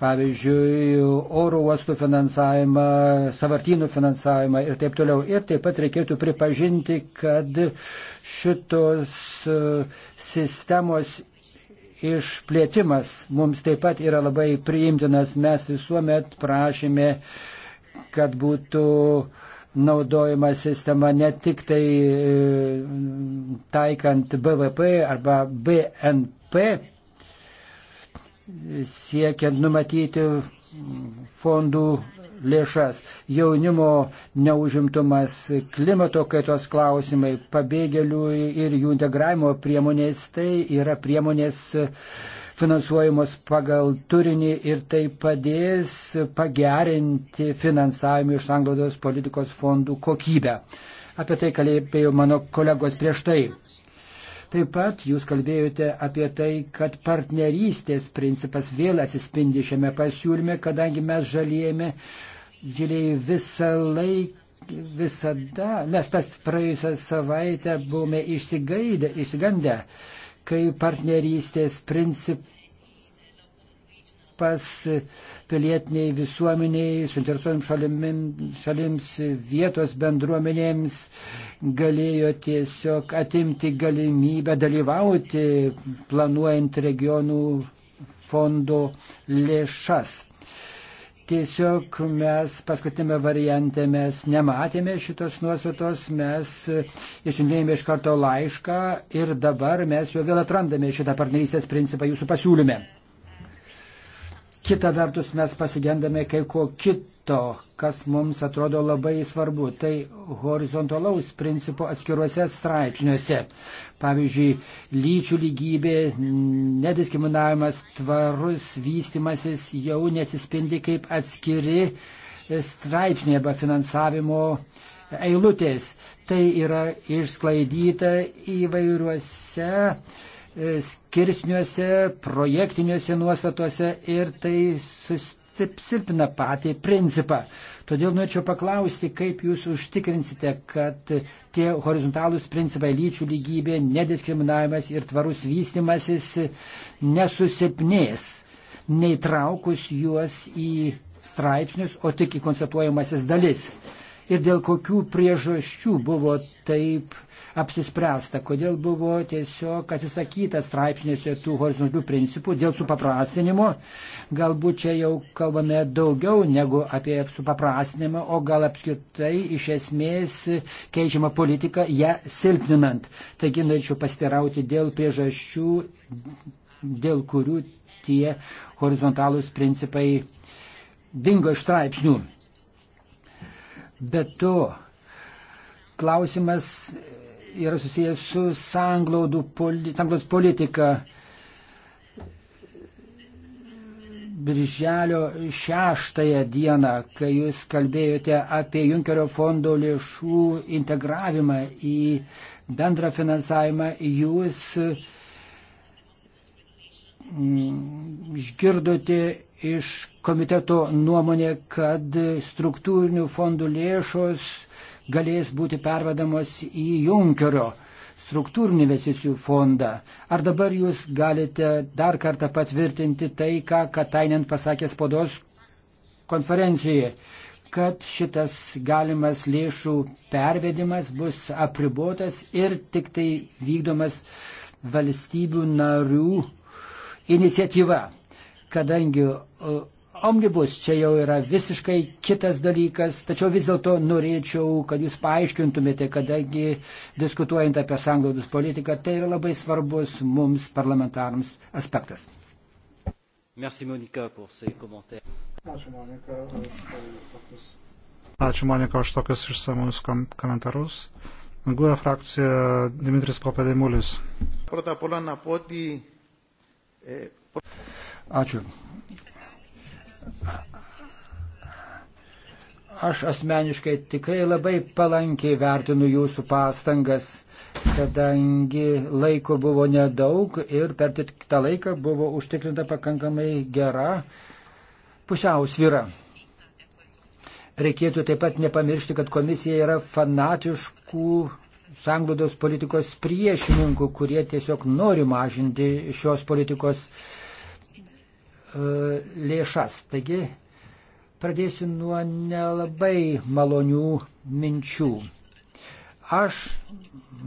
pavyzdžiui, oro uostų finansavimą, savartynų finansavimą ir taip toliau. Ir taip pat reikėtų pripažinti, kad šitos e, sistemos išplėtimas mums taip pat yra labai priimtinas. Mes visuomet prašėme, kad būtų uh, naudojama sistema ne tik tai e, taikant BVP arba BNP, siekiant numatyti fondų lėšas, jaunimo neužimtumas, klimato kaitos klausimai, pabėgėlių ir jų integravimo priemonės, tai yra priemonės finansuojamos pagal turinį ir tai padės pagerinti finansavimą iš anglodos politikos fondų kokybę. Apie tai kalbėjo mano kolegos prieš tai. Taip pat jūs kalbėjote apie tai, kad partnerystės principas vėl atsispindi šiame pasiūlyme, kadangi mes žalėjame, žalėjai visą laiką, visada, mes pas praėjusią savaitę buvome išsigaidę, išsigandę, kai partnerystės principas pas pilietiniai visuomeniai, suinteresuojam šalim, šalims, vietos bendruomenėms galėjo tiesiog atimti galimybę dalyvauti planuojant regionų fondo lėšas. Tiesiog mes paskutinėme variante mes nematėme šitos nuostatos, mes išsiuntinėjome iš karto laišką ir dabar mes jo vėl atrandame šitą partnerystės principą jūsų pasiūlyme. Kita vertus mes pasigendame kai ko kito, kas mums atrodo labai svarbu, tai horizontalaus principo atskiruose straipsniuose. Pavyzdžiui, lyčių lygybė, nediskriminavimas, tvarus vystimasis jau nesispindi kaip atskiri straipsniai arba finansavimo eilutės. Tai yra išsklaidyta įvairiuose E, skirsniuose, projektiniuose nuostatuose ir tai silpina patį principą. Todėl norėčiau paklausti, kaip jūs užtikrinsite, kad tie horizontalūs principai lyčių lygybė, nediskriminavimas ir tvarus vystimasis nesusilpnės, neįtraukus juos į straipsnius, o tik į konstatuojamasis dalis. Ir dėl kokių priežasčių buvo taip apsispręsta, kodėl buvo tiesiog atsisakyta straipsnėse tų horizontalių principų dėl supaprastinimo. Galbūt čia jau kalbame daugiau negu apie supaprastinimą, o gal apskritai iš esmės keičiama politika ją silpninant. Taigi norėčiau pastirauti dėl priežasčių, dėl kurių tie horizontalūs principai dingo iš straipsnių. Bet to klausimas yra susijęs su sanglaudų poli, politika. Birželio šeštąją dieną, kai jūs kalbėjote apie Junkerio fondo lėšų integravimą į bendrą finansavimą, jūs mm, išgirdote iš komiteto nuomonę, kad struktūrinių fondų lėšos galės būti pervedamos į Junkerio struktūrinių investicijų fondą. Ar dabar jūs galite dar kartą patvirtinti tai, ką Katainen pasakė spaudos konferencijoje, kad šitas galimas lėšų pervedimas bus apribotas ir tik tai vykdomas valstybių narių iniciatyva, kadangi omnibus čia jau yra visiškai kitas dalykas, tačiau vis dėlto norėčiau, kad jūs paaiškintumėte, kadangi diskutuojant apie sanglaudus politiką, tai yra labai svarbus mums parlamentarams aspektas. Merci Monika, Ačiū Monika, tokius... Ačiū Monika už tokius išsamus komentarus. Guja e frakcija Dimitris Papadimulis. Ačiū. Aš asmeniškai tikrai labai palankiai vertinu jūsų pastangas, kadangi laiko buvo nedaug ir per tą laiką buvo užtikrinta pakankamai gera pusiausvyra. Reikėtų taip pat nepamiršti, kad komisija yra fanatiškų sanglodos politikos priešininkų, kurie tiesiog nori mažinti šios politikos uh, lėšas. Taigi pradėsiu nuo nelabai malonių minčių. Aš,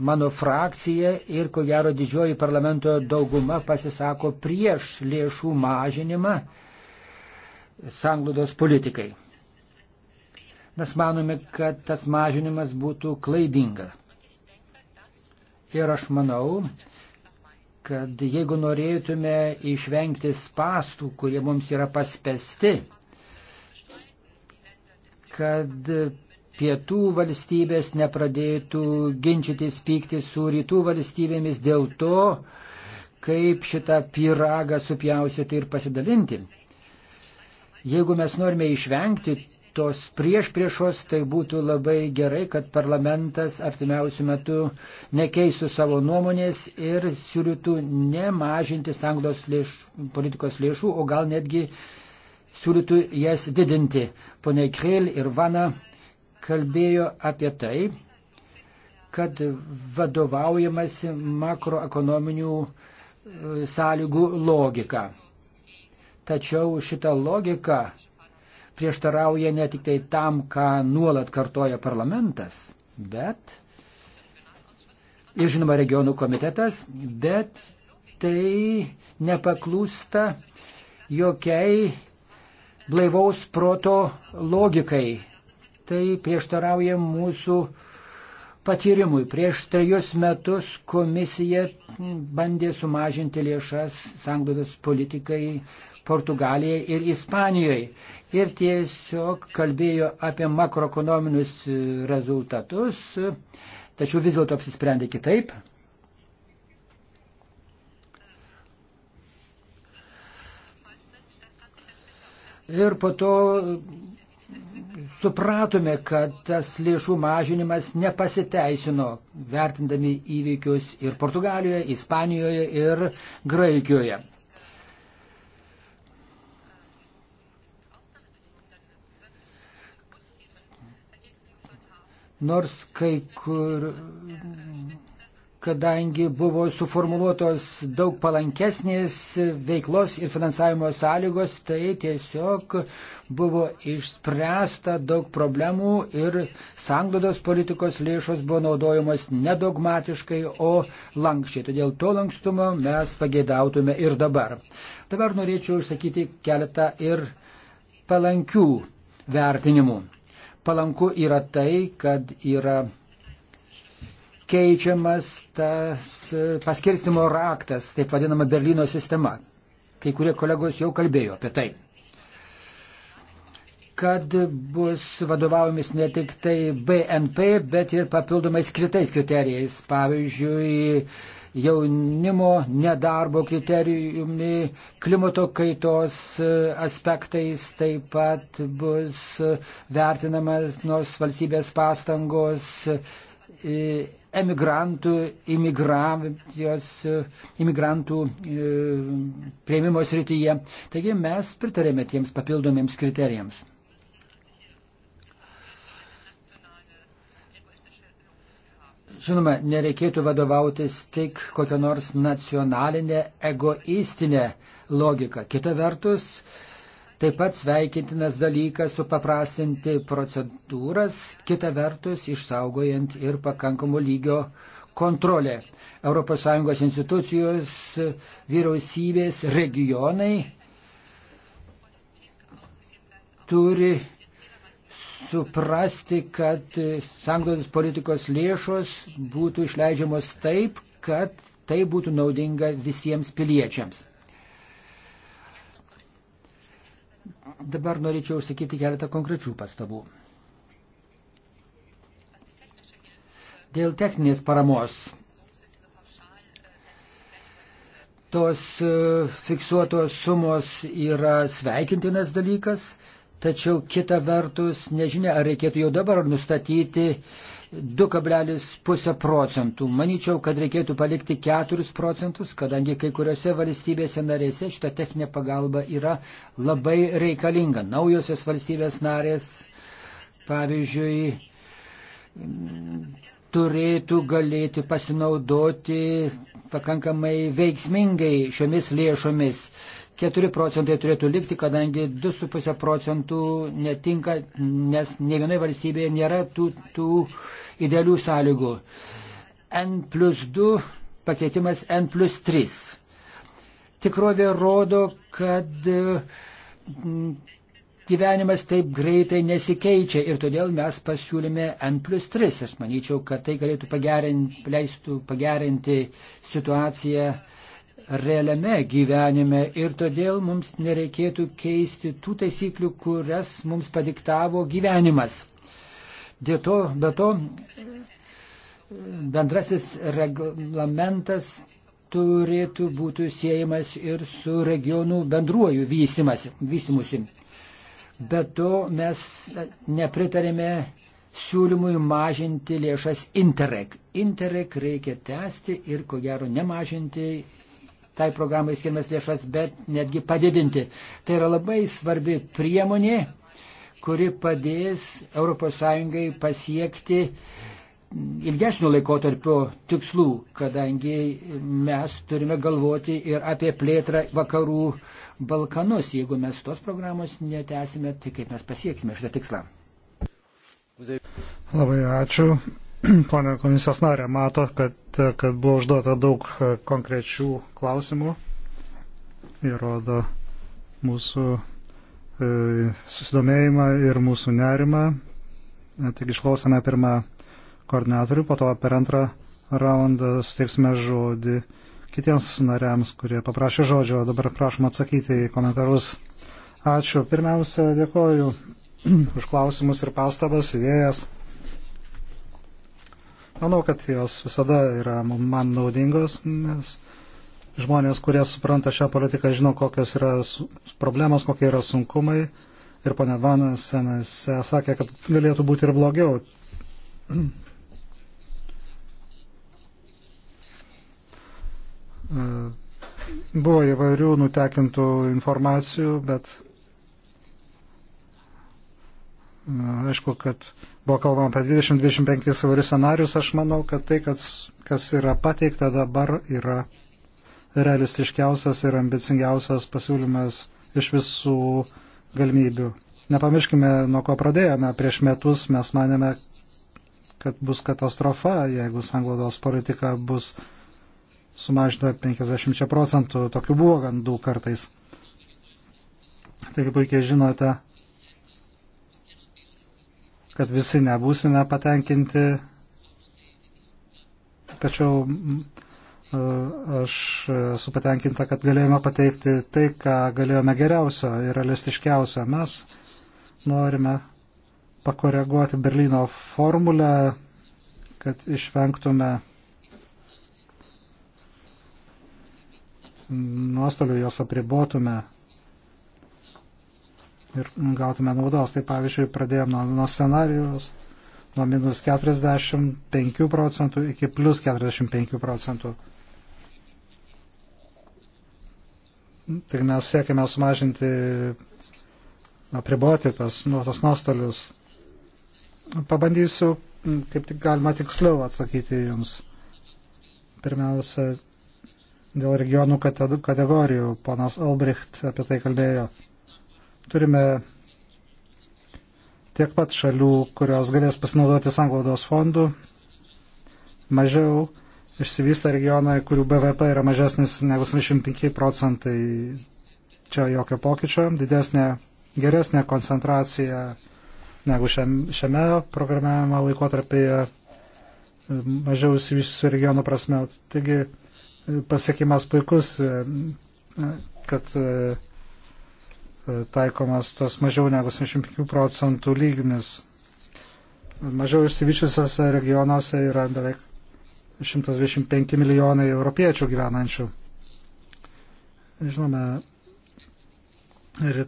mano frakcija ir ko gero didžioji parlamento dauguma pasisako prieš lėšų mažinimą sanglūdos politikai. Mes manome, kad tas mažinimas būtų klaidinga. Ir aš manau, kad jeigu norėtume išvengti spastų, kurie mums yra paspesti, kad pietų valstybės nepradėtų ginčytis pykti su rytų valstybėmis dėl to, kaip šitą pyragą supjausyti ir pasidalinti. Jeigu mes norime išvengti tos prieš priešos, tai būtų labai gerai, kad parlamentas artimiausių metų nekeistų savo nuomonės ir siūlytų nemažinti sanglos lėš, politikos lėšų, o gal netgi siūlytų jas didinti. Pone Kreil ir Vana kalbėjo apie tai, kad vadovaujamasi makroekonominių e, sąlygų logika. Tačiau šita logika prieštarauja ne tik tai tam, ką nuolat kartoja parlamentas, bet ir žinoma regionų komitetas, bet tai nepaklūsta jokiai blaivaus proto logikai. Tai prieštarauja mūsų patyrimui. Prieš trejus metus komisija bandė sumažinti lėšas sanglaudos politikai Portugalijai ir Ispanijai ir tiesiog kalbėjo apie makroekonominius rezultatus, tačiau vis dėlto apsisprendė kitaip. Ir po to supratome, kad tas lėšų mažinimas nepasiteisino, vertindami įvykius ir Portugalijoje, Ispanijoje ir Graikijoje. nors kai kur, kadangi buvo suformuoluotos daug palankesnės veiklos ir finansavimo sąlygos, tai tiesiog buvo išspręsta daug problemų ir sanglodos politikos lėšos buvo naudojamos nedogmatiškai, o lankščiai. Todėl to lankstumo mes pageidautume ir dabar. Dabar norėčiau išsakyti keletą ir palankių vertinimų palanku yra tai, kad yra keičiamas tas paskirstimo raktas, taip vadinama Berlyno sistema. Kai kurie kolegos jau kalbėjo apie tai kad bus vadovaujamis ne tik tai BNP, bet ir papildomais kitais kriterijais. Pavyzdžiui, jaunimo nedarbo kriterijumi, klimato kaitos e, aspektais taip pat bus vertinamas nors valstybės pastangos e, emigrantų, e, imigrantų prieimimo srityje. Taigi mes pritarėme tiems papildomiems kriterijams. Žinoma, nereikėtų vadovautis tik kokią nors nacionalinę egoistinę logiką. Kita vertus, taip pat sveikintinas dalykas supaprastinti procedūras, kita vertus išsaugojant ir pakankamo lygio kontrolę. ES institucijos, vyriausybės, regionai turi suprasti, kad sanglaudos politikos lėšos būtų išleidžiamos taip, kad tai būtų naudinga visiems piliečiams. Dabar norėčiau sakyti keletą konkrečių pastabų. Dėl techninės paramos tos e, fiksuotos sumos yra sveikintinas dalykas, tačiau kita vertus nežinia, ar reikėtų jau dabar nustatyti 2,5 procentų. Manyčiau, kad reikėtų palikti 4 procentus, kadangi kai kuriuose valstybėse narėse šita techninė pagalba yra labai reikalinga. Naujosios valstybės narės, pavyzdžiui, turėtų galėti pasinaudoti pakankamai veiksmingai šiomis lėšomis. 4 procentai turėtų likti, kadangi 2,5 procentų netinka, nes ne vienoje valstybėje nėra tų, tų idealių sąlygų. N plus 2 pakeitimas N plus 3. Tikrovė rodo, kad mm, gyvenimas taip greitai nesikeičia ir todėl mes pasiūlėme N plus 3. Aš manyčiau, kad tai galėtų pagerinti, leistų pagerinti situaciją realiame gyvenime ir todėl mums nereikėtų keisti tų taisyklių, kurias mums padiktavo gyvenimas. Dėl to, be to, bendrasis reglamentas turėtų būti siejamas ir su regionų bendruoju vystimusi. Be to mes nepritarėme siūlymui mažinti lėšas Interreg. Interreg reikia tęsti ir ko gero nemažinti tai programai skiriamas lėšas, bet netgi padidinti. Tai yra labai svarbi priemonė, kuri padės ES pasiekti ilgesnio laikotarpio tikslų, kadangi mes turime galvoti ir apie plėtrą vakarų Balkanus. Jeigu mes tos programos netesime, tai kaip mes pasieksime šitą tikslą? Labai ačiū. Pone komisijos narė, mato, kad, kad buvo užduota daug e, konkrečių klausimų. Įrodo mūsų e, susidomėjimą ir mūsų nerimą. E, Tik išklausome pirmą koordinatorių, po to per antrą raundą suteiksime žodį kitiems nariams, kurie paprašė žodžio. Dabar prašom atsakyti į komentarus. Ačiū. Pirmiausia, dėkoju už klausimus ir pastabas, idėjas. Manau, kad jos visada yra man naudingos, nes žmonės, kurie supranta šią politiką, žino, kokios yra problemos, kokie yra sunkumai. Ir pane Vanas senas sakė, kad galėtų būti ir blogiau. E, buvo įvairių nutekintų informacijų, bet e, aišku, kad Buvo kalbama apie 20-25 įvairius scenarius. Aš manau, kad tai, kas, kas yra pateikta dabar, yra realistiškiausias ir ambicingiausias pasiūlymas iš visų galimybių. Nepamirškime, nuo ko pradėjome. Prieš metus mes manėme, kad bus katastrofa, jeigu sanglaudos politika bus sumažinta 50 procentų. Tokių buvo gandų kartais. Taigi puikiai žinote, kad visi nebūsime patenkinti. Tačiau e, aš esu patenkinta, kad galėjome pateikti tai, ką galėjome geriausio ir realistiškiausio. Mes norime pakoreguoti Berlyno formulę, kad išvengtume nuostolių, jos apribotume ir gautume naudos. Tai pavyzdžiui, pradėjome nuo, nuo scenarijos nuo minus 45 procentų iki plus 45 procentų. Tai mes siekime sumažinti, apriboti tas, nu, tas nuostolius. Pabandysiu, kaip tik galima tiksliau atsakyti jums. Pirmiausia, dėl regionų kategorijų. Ponas Albrecht apie tai kalbėjo. Turime tiek pat šalių, kurios galės pasinaudoti sanglaudos fondų, mažiau išsivysta regionai, kurių BVP yra mažesnis negu 75 procentai, čia jokio pokyčio, didesnė, geresnė koncentracija negu šiame, šiame programavimo laikotarpėje, mažiau išsivyšusių regionų prasme. Taigi pasiekimas puikus, kad taikomas tas mažiau negu 75 procentų lygmis. Mažiau išsivyčiusiuose regionuose yra beveik 125 milijonai europiečių gyvenančių. Žinome, ir,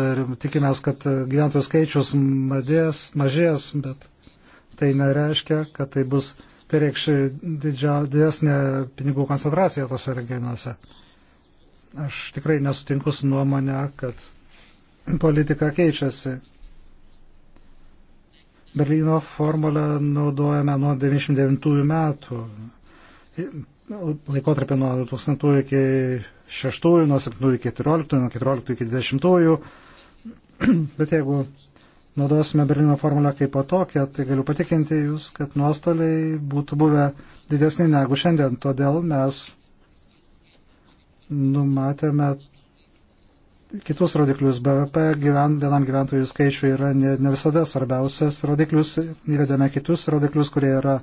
ir tikimės, kad gyventojų skaičius madės, mažės, bet tai nereiškia, kad tai bus, tai reikš didesnė pinigų koncentracija tose regionuose. Aš tikrai nesutinku su nuomonė, kad politika keičiasi. Berlyno formulę naudojame nuo 99 metų, laikotarpį nuo 2000 iki 6, nuo 7 iki 14, nuo 14 iki 20. Bet jeigu naudosime Berlyno formulę kaip tokią, tai galiu patikinti Jūs, kad nuostoliai būtų buvę didesni negu šiandien. Todėl mes numatėme kitus rodiklius. BVP gyven, vienam gyventojų skaičiui yra ne, ne visada svarbiausias rodiklius. Įvedėme kitus rodiklius, kurie yra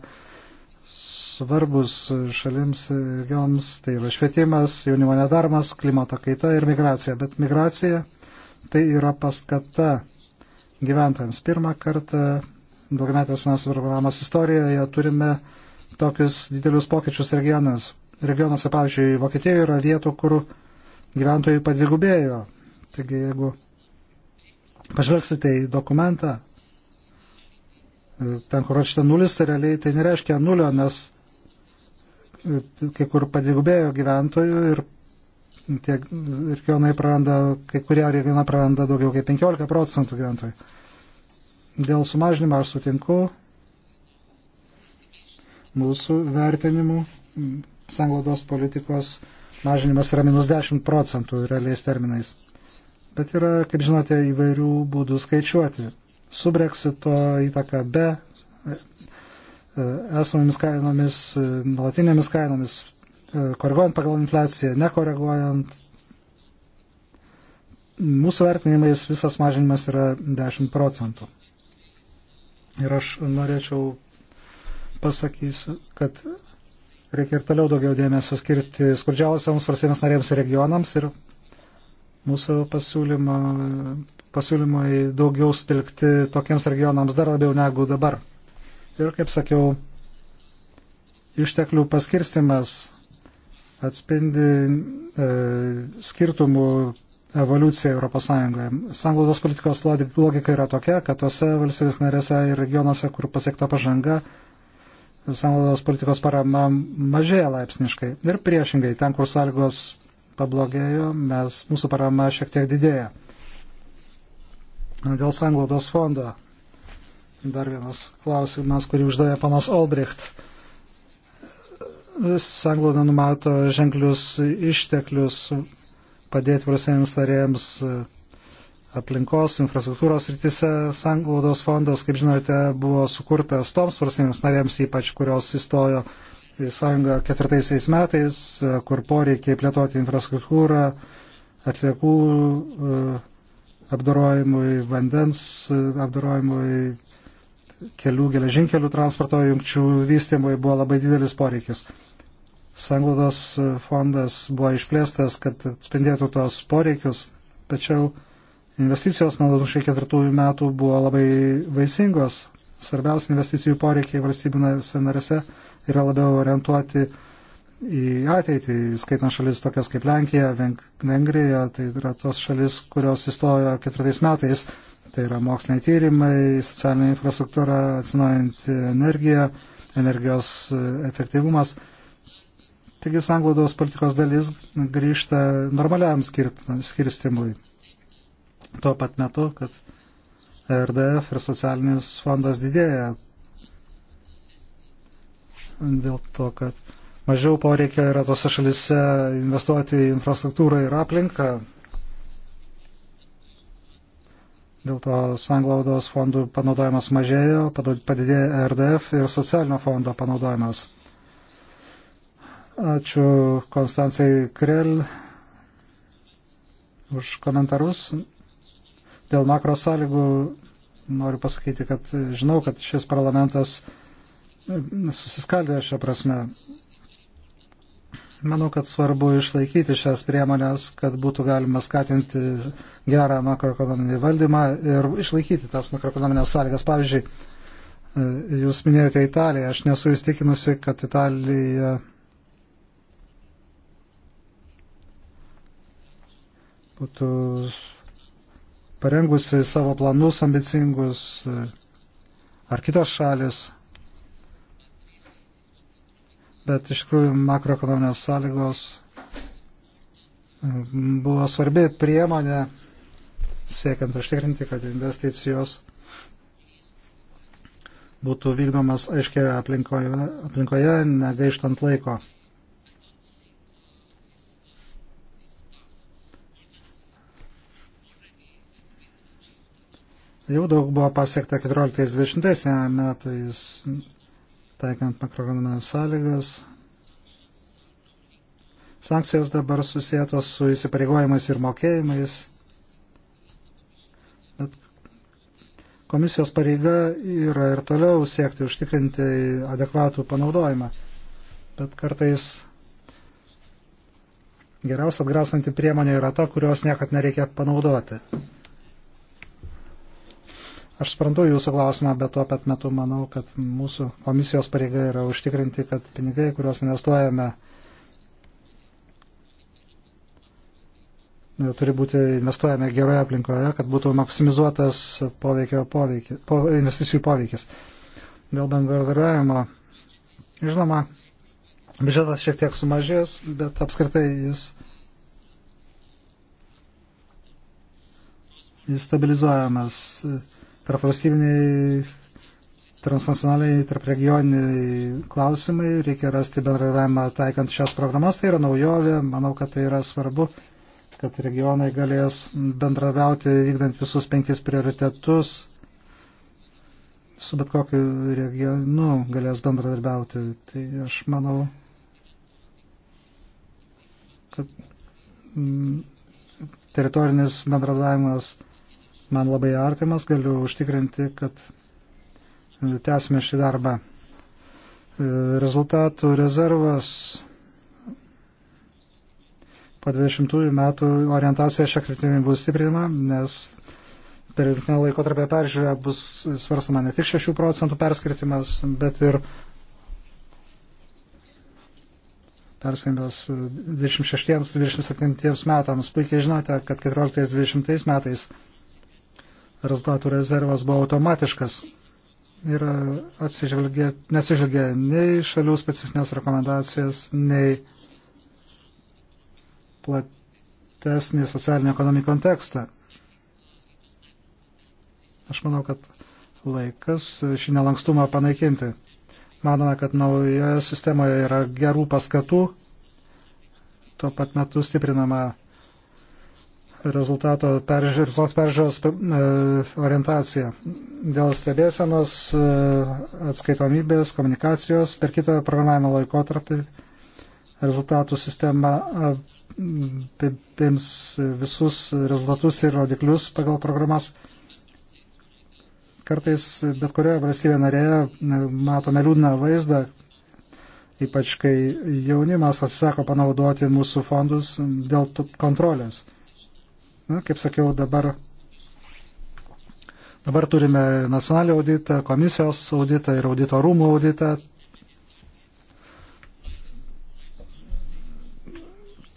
svarbus šalims regionams. Tai yra švietimas, jaunimo nedarmas, klimato kaita ir migracija. Bet migracija tai yra paskata gyventojams. Pirmą kartą daugiametės finansų programos istorijoje turime tokius didelius pokyčius regionus regionuose, pavyzdžiui, Vokietijoje yra vietų, kur gyventojai padvigubėjo. Taigi, jeigu pažvelgsite į dokumentą, ten, kur rašyta nulis, tai realiai tai nereiškia nulio, nes e, kai kur padvigubėjo gyventojų ir tie regionai praranda, kai kurie regionai praranda daugiau kaip 15 procentų gyventojų. Dėl sumažinimo aš sutinku mūsų vertinimu sanglaudos politikos mažinimas yra minus 10 procentų realiais terminais. Bet yra, kaip žinote, įvairių būdų skaičiuoti. Su breksito įtaka be, e, e, esamomis kainomis, e, nuolatinėmis kainomis, koreguojant pagal infliaciją, nekoreguojant. Mūsų vertinimais visas mažinimas yra 10 procentų. Ir aš norėčiau pasakysiu, kad Reikia ir toliau daugiau dėmesio skirti skurdžiausiams valstybės narėms ir regionams ir mūsų pasiūlymo, pasiūlymai daugiau sutelkti tokiems regionams dar labiau negu dabar. Ir kaip sakiau, išteklių paskirstimas atspindi e, skirtumų evoliuciją ES. Sanglaudos politikos logika yra tokia, kad tose valstybės narėse ir regionuose, kur pasiekta pažanga, sanglaudos politikos parama mažėja laipsniškai. Ir priešingai, ten, kur sąlygos pablogėjo, mes, mūsų parama šiek tiek didėja. Dėl sanglaudos fondo. Dar vienas klausimas, kurį uždavė panas Olbricht. Sanglauda numato ženklius išteklius padėti prasėjams narėjams aplinkos infrastruktūros rytise sanglaudos fondas, kaip žinote, buvo sukurtas toms valstybėms narėms, ypač kurios įstojo į sąjungą ketvirtaisiais metais, e, kur poreikiai plėtoti infrastruktūrą, atliekų e, apdarojimui, vandens e, apdarojimui, kelių geležinkelių transporto jungčių vystymui buvo labai didelis poreikis. Sanglaudos fondas buvo išplėstas, kad atspindėtų tuos poreikius, tačiau Investicijos nuo 2004 metų buvo labai vaisingos. Svarbiausia investicijų poreikiai valstybinėse narėse yra labiau orientuoti į ateitį, skaitant šalis tokias kaip Lenkija, Vengrija, tai yra tos šalis, kurios įstojo ketvirtais metais, tai yra moksliniai tyrimai, socialinė infrastruktūra, atsinaujanti energija, energijos e, efektyvumas. Taigi sanglaudos politikos dalis grįžta normaliam skirstimui tuo pat metu, kad RDF ir socialinis fondas didėja dėl to, kad mažiau poreikia yra tose šalise investuoti į infrastruktūrą ir aplinką. Dėl to sanglaudos fondų panaudojimas mažėjo, padidėjo RDF ir socialinio fondo panaudojimas. Ačiū Konstancijai Krell už komentarus. Dėl makro sąlygų noriu pasakyti, kad žinau, kad šis parlamentas e, susiskaldė šią prasme. Manau, kad svarbu išlaikyti šias priemonės, kad būtų galima skatinti gerą makroekonominį valdymą ir išlaikyti tas makroekonominės sąlygas. Pavyzdžiui, e, jūs minėjote Italiją, aš nesu įstikinusi, kad Italija. būtų parengusi savo planus ambicingus e, ar kitos šalis. Bet iš tikrųjų makroekonominės sąlygos e, buvo svarbi priemonė siekiant užtikrinti, kad investicijos būtų vykdomas aiškiai aplinkoje, aplinkoje negaištant laiko. Jau daug buvo pasiekta 14-20 metais, taikant makroekonominės sąlygas. Sankcijos dabar susijėtos su įsipareigojimais ir mokėjimais. Bet komisijos pareiga yra ir toliau siekti užtikrinti adekvatų panaudojimą. Bet kartais geriausia atgrasanti priemonė yra ta, kurios niekad nereikia panaudoti. Aš sprantu jūsų klausimą, bet tuo pat metu manau, kad mūsų komisijos pareiga yra užtikrinti, kad pinigai, kuriuos investuojame, turi būti investuojami geroje aplinkoje, kad būtų maksimizuotas poveikio poveikis, po, investicijų poveikis. Dėl bendradarbiavimo, žinoma, biudžetas šiek tiek sumažės, bet apskritai jis, jis stabilizuojamas. Uh, tarp valstybiniai, transnacionaliai, tarp regioniniai klausimai, reikia rasti bendradarbiavimą taikant šias programas, tai yra naujovė, manau, kad tai yra svarbu, kad regionai galės bendradarbiauti vykdant visus penkis prioritetus, su bet kokiu regionu galės bendradarbiauti. Tai aš manau, kad mm, teritorinis bendradarbiavimas man labai artimas, galiu užtikrinti, kad e, tęsime šį darbą. E, rezultatų rezervas po 20 metų orientacija šią kryptimį bus stiprinama, nes per jungtinę laikotarpę peržiūrę bus svarstama ne tik 6 procentų perskirtimas, bet ir perskambės 26-27 metams. Puikiai žinote, kad 14-20 metais rezultatų rezervas buvo automatiškas ir nesižvelgė nei šalių specifinės rekomendacijas, nei platesnį socialinį ekonominį kontekstą. Aš manau, kad laikas šį nelankstumą panaikinti. Manome, kad naujoje sistemoje yra gerų paskatų, tuo pat metu stiprinama rezultato peržiūros, peržiūros orientacija. Dėl stebėsenos e, atskaitomybės, komunikacijos per kitą programavimo laikotarpį rezultatų sistema apims visus rezultatus ir rodiklius pagal programas. Kartais bet kurioje valstybėje narėje e, matome liūdną vaizdą, ypač kai jaunimas atsisako panaudoti mūsų fondus dėl kontrolės. Na, kaip sakiau, dabar, dabar turime nacionalinį auditą, komisijos auditą ir audito rūmų auditą.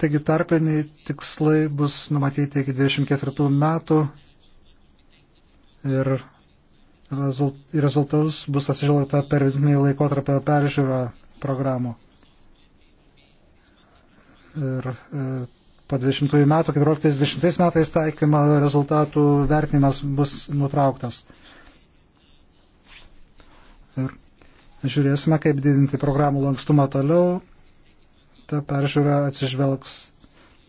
Taigi tarpiniai tikslai bus numatyti iki 24 metų ir rezultatus bus atsižvelgta per vidutinį laikotarpio peržiūrą programų. Ir e, po 20 metų, 14-20 metais taikymo rezultatų vertinimas bus nutrauktas. Ir žiūrėsime, kaip didinti programų lankstumą toliau. Ta peržiūra atsižvelgs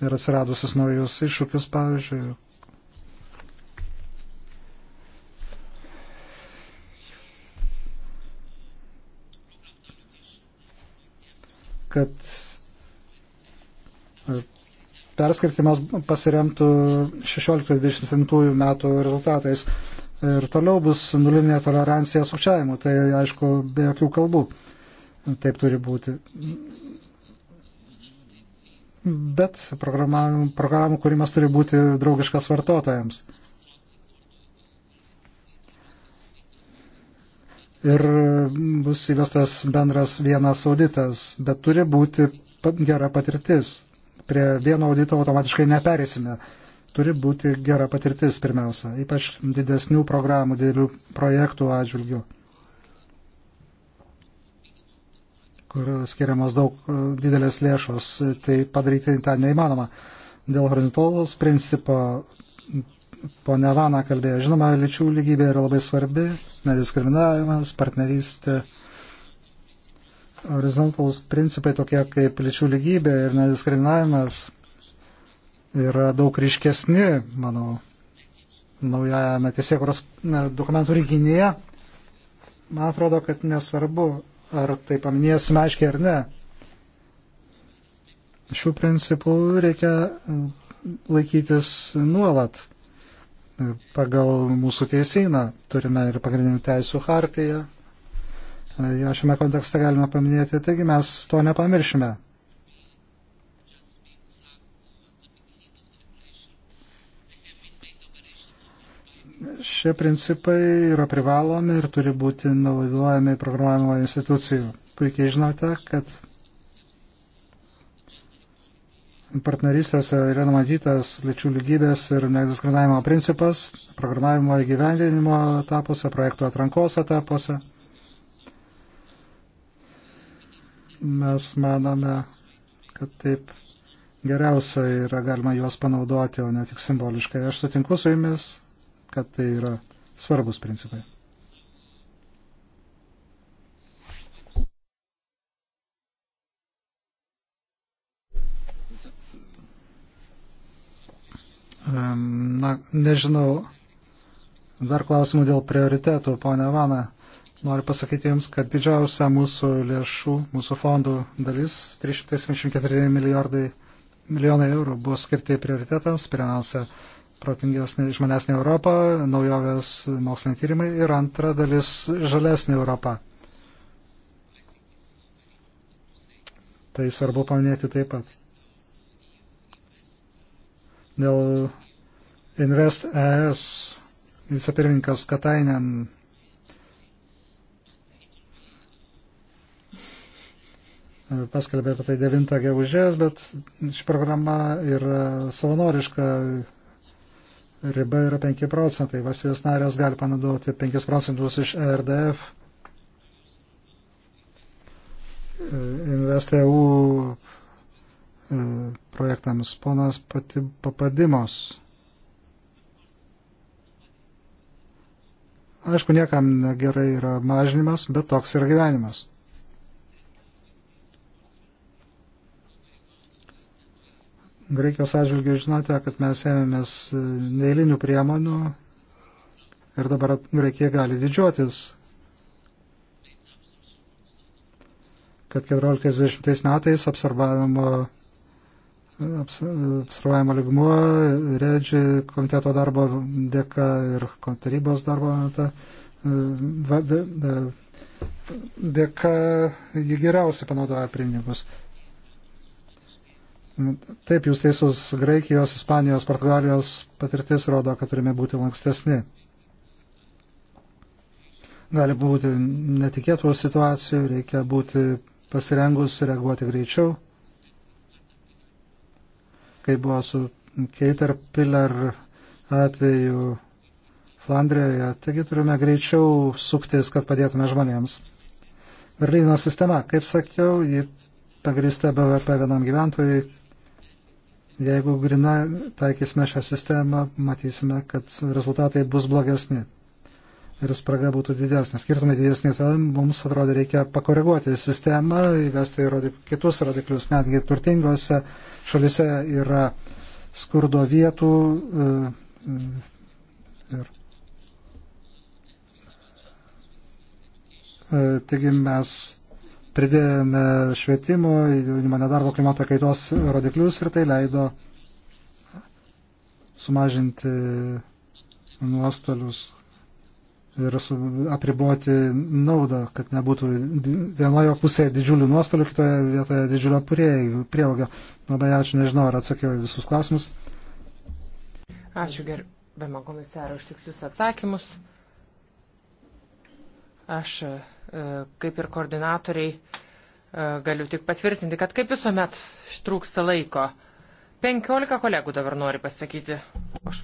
ir atsiradusius naujus iššūkius, pavyzdžiui, kad perskirtimas pasiremtų 16-27 metų rezultatais. Ir toliau bus nulinė tolerancija sukčiavimu, tai aišku, be jokių kalbų. Taip turi būti. Bet programų kūrimas turi būti draugiškas vartotojams. ir bus įvestas bendras vienas auditas, bet turi būti gera patirtis prie vieno audito automatiškai neperėsime. Turi būti gera patirtis pirmiausia, ypač didesnių programų, didelių projektų atžvilgių, kur skiriamos daug e, didelės lėšos, tai padaryti tą neįmanoma. Dėl horizontalos principo ponia Vana kalbėjo, žinoma, lyčių lygybė yra labai svarbi, nediskriminavimas, partnerystė. Tai horizontalūs principai tokie kaip lyčių lygybė ir nediskriminavimas yra daug ryškesni, manau, naujajame tiesiekuros dokumentų rinkinyje. Man atrodo, kad nesvarbu, ar tai paminėsime aiškiai ar ne. Šių principų reikia laikytis nuolat. Pagal mūsų teisyną turime ir pagrindinių teisų hartiją, Ja šiame kontekste galime paminėti, taigi mes to nepamiršime. Šie principai yra privalomi ir turi būti naudojami programavimo institucijų. Puikiai žinote, kad partnerystėse yra numatytas lyčių lygybės ir nediskriminavimo principas programavimo įgyvendinimo etapuose, projektų atrankos etapuose. mes manome, kad taip geriausia yra galima juos panaudoti, o ne tik simboliškai. Aš sutinku su jumis, kad tai yra svarbus principai. Na, nežinau. Dar klausimų dėl prioritetų, ponia Vana. Noriu pasakyti Jums, kad didžiausia mūsų lėšų, mūsų fondų dalis, 374 milijardai milijonai eurų, buvo skirti prioritetams, pirmiausia, protingesnė išmanesnė Europa, naujovės moksliniai tyrimai ir antra dalis žalesnė Europa. Tai svarbu paminėti taip pat. Dėl Invest ES vicepirmininkas Katainen paskelbė apie tai 9 gegužės, bet ši programa yra savanoriška, riba yra 5 procentai, valstybės narės gali panaudoti 5 procentus iš e RDF. InvestEU e, projektams ponas pati papadimos. Aišku, niekam gerai yra mažinimas, bet toks yra gyvenimas. Graikijos atžvilgių žinote, kad mes ėmėmės e, neįlinių priemonių ir dabar Graikija gali didžiuotis, kad 14-20 metais absorbavimo, e, absorbavimo e, ligmuo, redži komiteto darbo dėka ir tarybos darbo ta, dėka jį geriausiai panaudoja pinigus. Nu, taip, jūs teisus, Graikijos, Ispanijos, Portugalijos patirtis rodo, kad turime būti lankstesni. Gali būti netikėtų situacijų, reikia būti pasirengus reaguoti greičiau. Kai buvo su Caterpillar atveju Flandrijoje, taigi turime greičiau suktis, kad padėtume žmonėms. Berlyno sistema, kaip sakiau, ji pagrįsta BVP vienam gyventojui Jeigu grina taikysime šią sistemą, matysime, kad rezultatai bus blogesni ir spraga būtų didesnė, skirtumai didesni, todėl mums atrodo reikia pakoreguoti sistemą, įvesti rodik, kitus rodiklius, netgi turtingose šalise yra skurdo vietų e, e, ir e, taigi mes pridėjome švietimo, jaunimo nedarbo klimato kaitos rodiklius ir tai leido sumažinti nuostolius ir apriboti naudą, kad nebūtų vienoje pusėje didžiulių nuostolių, kitoje vietoje didžiulio prieaugio. Labai ačiū, nežinau, ar atsakiau visus klausimus. Ačiū gerbėma komisaro už tikslius atsakymus. Aš E, kaip ir koordinatoriai, e, galiu tik patvirtinti, kad kaip visuomet trūksta laiko. 15 kolegų dabar nori pasakyti. Aš,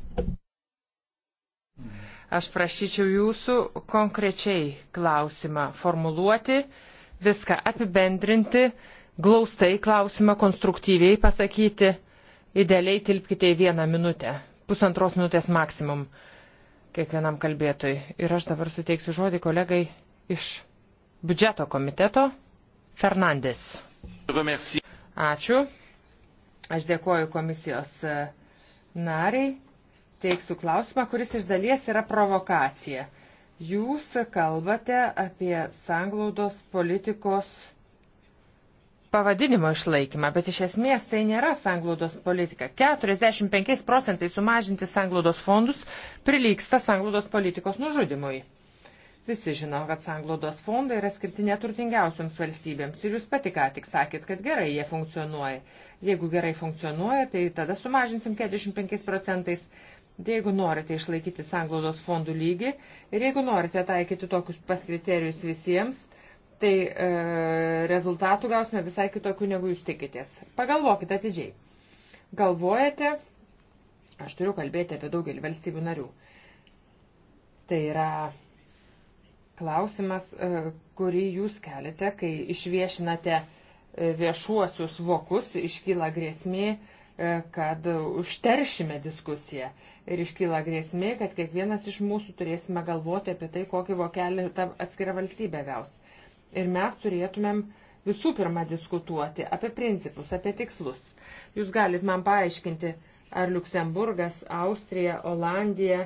aš prašyčiau jūsų konkrečiai klausimą formuluoti, viską apibendrinti, glaustai klausimą konstruktyviai pasakyti, idealiai tilpkite į vieną minutę, pusantros minutės maksimum kiekvienam kalbėtojui. Ir aš dabar suteiksiu žodį kolegai iš biudžeto komiteto Fernandes. Ačiū. Aš dėkuoju komisijos e, nariai. Teiksiu klausimą, kuris iš dalies yra provokacija. Jūs kalbate apie sanglaudos politikos pavadinimo išlaikymą, bet iš esmės tai nėra sanglaudos politika. 45 procentai sumažinti sanglaudos fondus prilyksta sanglaudos politikos nužudimui. Visi žino, kad sanglaudos fondai yra skirti neturtingiausioms valstybėms ir jūs pati ką tik sakėt, kad gerai jie funkcionuoja. Jeigu gerai funkcionuoja, tai tada sumažinsim 45 procentais. Jeigu norite išlaikyti sanglaudos fondų lygį ir jeigu norite taikyti tokius pat kriterijus visiems, tai e, rezultatų gausime visai kitokių, negu jūs tikitės. Pagalvokite atidžiai. Galvojate, aš turiu kalbėti apie daugelį valstybių narių. Tai yra klausimas, e, kurį jūs keliate, kai išviešinate e, viešuosius vokus, iškyla grėsmė, e, kad užteršime diskusiją ir iškyla grėsmė, kad kiekvienas iš mūsų turėsime galvoti apie tai, kokį vokelį ta atskira valstybė gaus. Ir mes turėtumėm visų pirma diskutuoti apie principus, apie tikslus. Jūs galit man paaiškinti, ar Luksemburgas, Austrija, Olandija